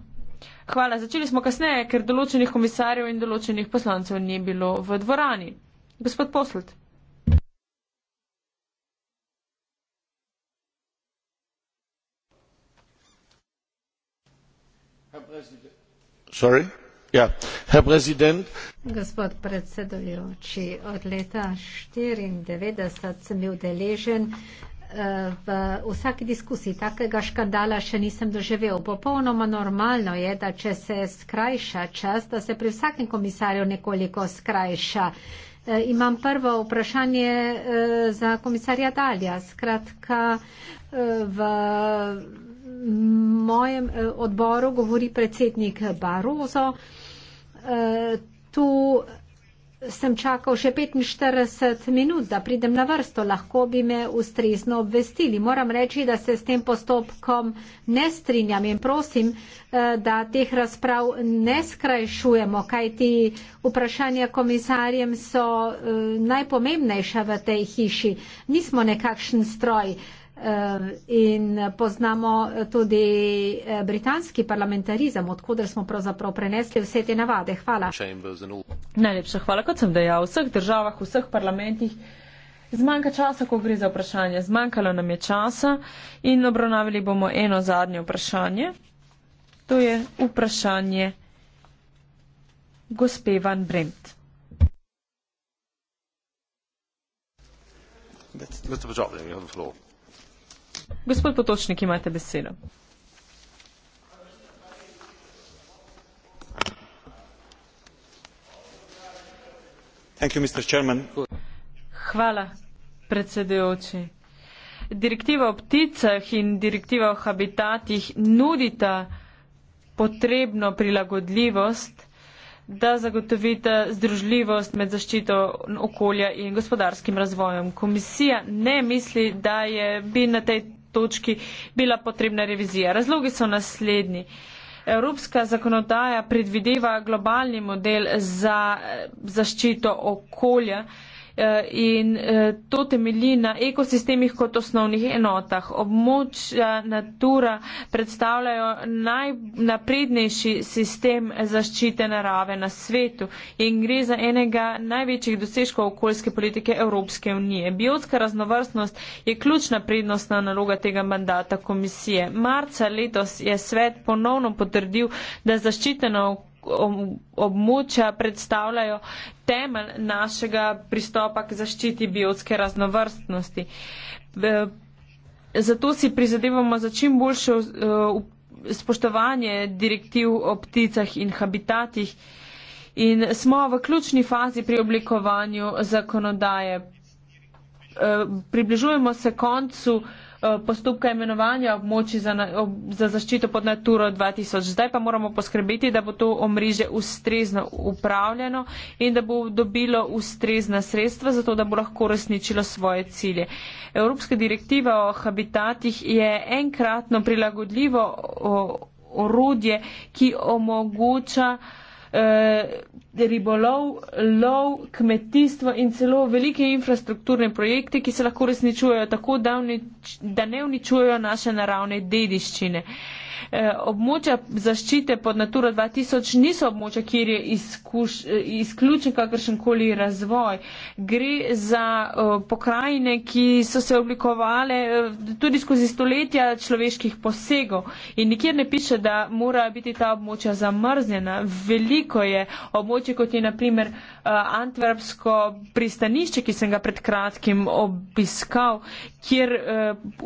hvala, začeli smo kasneje, ker določenih komisarjev in določenih poslancev ni bilo v dvorani. Gospod Poslot. Herr Präsident, ja. Herr Präsident, Gospod predsedujoči, od leta 1994 sem bil deležen eh, v vsaki diskusiji. Takega škandala še nisem doživel. Popolnoma normalno je, da če se skrajša čas, da se pri vsakem komisarju nekoliko skrajša. Eh, imam prvo vprašanje eh, za komisarja Dalja. Skratka, v mojem odboru govori predsednik Barozo tu sem čakal še 45 minut, da pridem na vrsto, lahko bi me ustrezno obvestili. Moram reči, da se s tem postopkom ne strinjam in prosim, eh, da teh razprav ne skrajšujemo, kajti vprašanja komisarjem so eh, najpomembnejša v tej hiši. Nismo nekakšen stroj in poznamo tudi eh, britanski parlamentarizem, odkudar smo pravzaprav prenesli vse te navade. Hvala. Najlepša hvala, kot sem dejal, v vseh državah, v vseh parlamentih. Zmanjka časa, ko gre za vprašanje. Zmanjkalo nam je časa in obravnavali bomo eno zadnje vprašanje. To je vprašanje gospe Van Bremt. That's, that's Gospod Potočnik, imate besedo. You, Hvala, predsedujoči. Direktiva o pticah in direktiva o habitatih nudita potrebno prilagodljivost, da zagotovita združljivost med zaščito okolja in gospodarskim razvojem. Komisija ne misli, da je, bi na tej točki bila potrebna revizija. Razlogi so naslednji. Evropska zakonodaja predvideva globalni model za eh, zaščito okolja. Eh, in eh, to temelji na ekosistemih kot osnovnih enotah. Območja natura predstavljajo najnaprednejši sistem zaščite narave na svetu in gre za enega največjih dosežkov okoljske politike Evropske unije. Biotska raznovrstnost je ključna prednostna naloga tega mandata komisije. Marca letos je svet ponovno potrdil, da zaščiteno okolje območja predstavljajo temelj našega pristopa k zaščiti biotske raznovrstnosti. Zato si prizadevamo za čim boljše eh, spoštovanje direktiv o pticah in habitatih in smo v ključni fazi pri oblikovanju zakonodaje. Eh, približujemo se koncu Eh, postopka imenovanja območi za, za zaščito pod naturo 2000. Zdaj pa moramo poskrbeti, da bo to omrežje ustrezno upravljeno in da bo dobilo ustrezna sredstva za to, da bo lahko resničilo svoje cilje. Evropska direktiva o habitatih je enkratno prilagodljivo orodje, ki omogoča uh, Eh, ribolov, lov, kmetijstvo in celo velike infrastrukturne projekte, ki se lahko resničujejo tako, da ne uničujejo naše naravne dediščine. Uh, Eh, območja zaščite pod Natura 2000 niso območja, kjer je izključen kakršen koli razvoj. Gre za eh, pokrajine, ki so se oblikovale eh, tudi skozi stoletja človeških posegov in nikjer ne piše, da mora biti ta območja zamrznjena. Veliko je območje, kot je naprimer Antwerpsko pristanišče, ki sem ga pred kratkim obiskal, kjer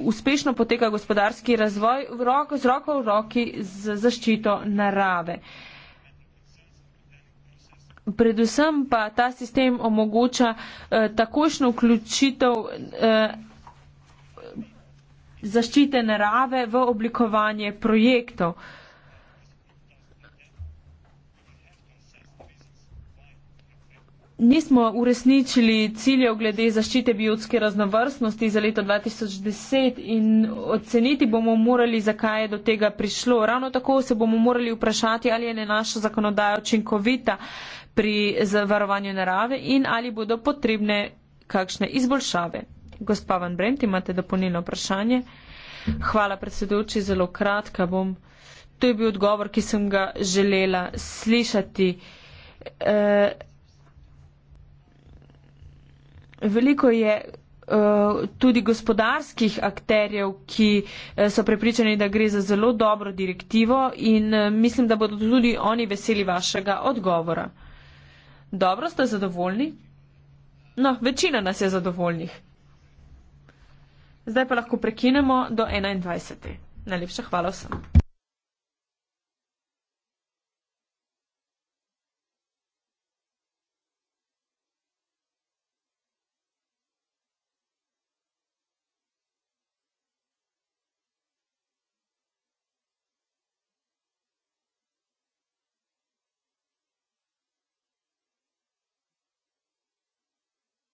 uspešno poteka gospodarski razvoj, z roko v roki z zaščito narave. Predvsem pa ta sistem omogoča eh, takošno vključitev eh, zaščite narave v oblikovanje projektov. Eh, Nismo uresničili ciljev glede zaščite biotske raznovrstnosti za leto 2010 in oceniti bomo morali, zakaj je do tega prišlo. Ravno tako se bomo morali vprašati, ali je ne naša zakonodaja učinkovita pri zavarovanju narave in ali bodo potrebne kakšne izboljšave. Gospa Van Brent, imate dopolnilno vprašanje. Hvala, predsedujoči, zelo kratka bom. To je bil odgovor, ki sem ga želela slišati. E, veliko je eh, tudi gospodarskih akterjev, ki eh, so prepričani, da gre za zelo dobro direktivo in eh, mislim, da bodo tudi oni veseli vašega odgovora. Dobro ste zadovoljni? No, večina nas je zadovoljnih. Zdaj pa lahko prekinemo do 21. Najlepša hvala vsem.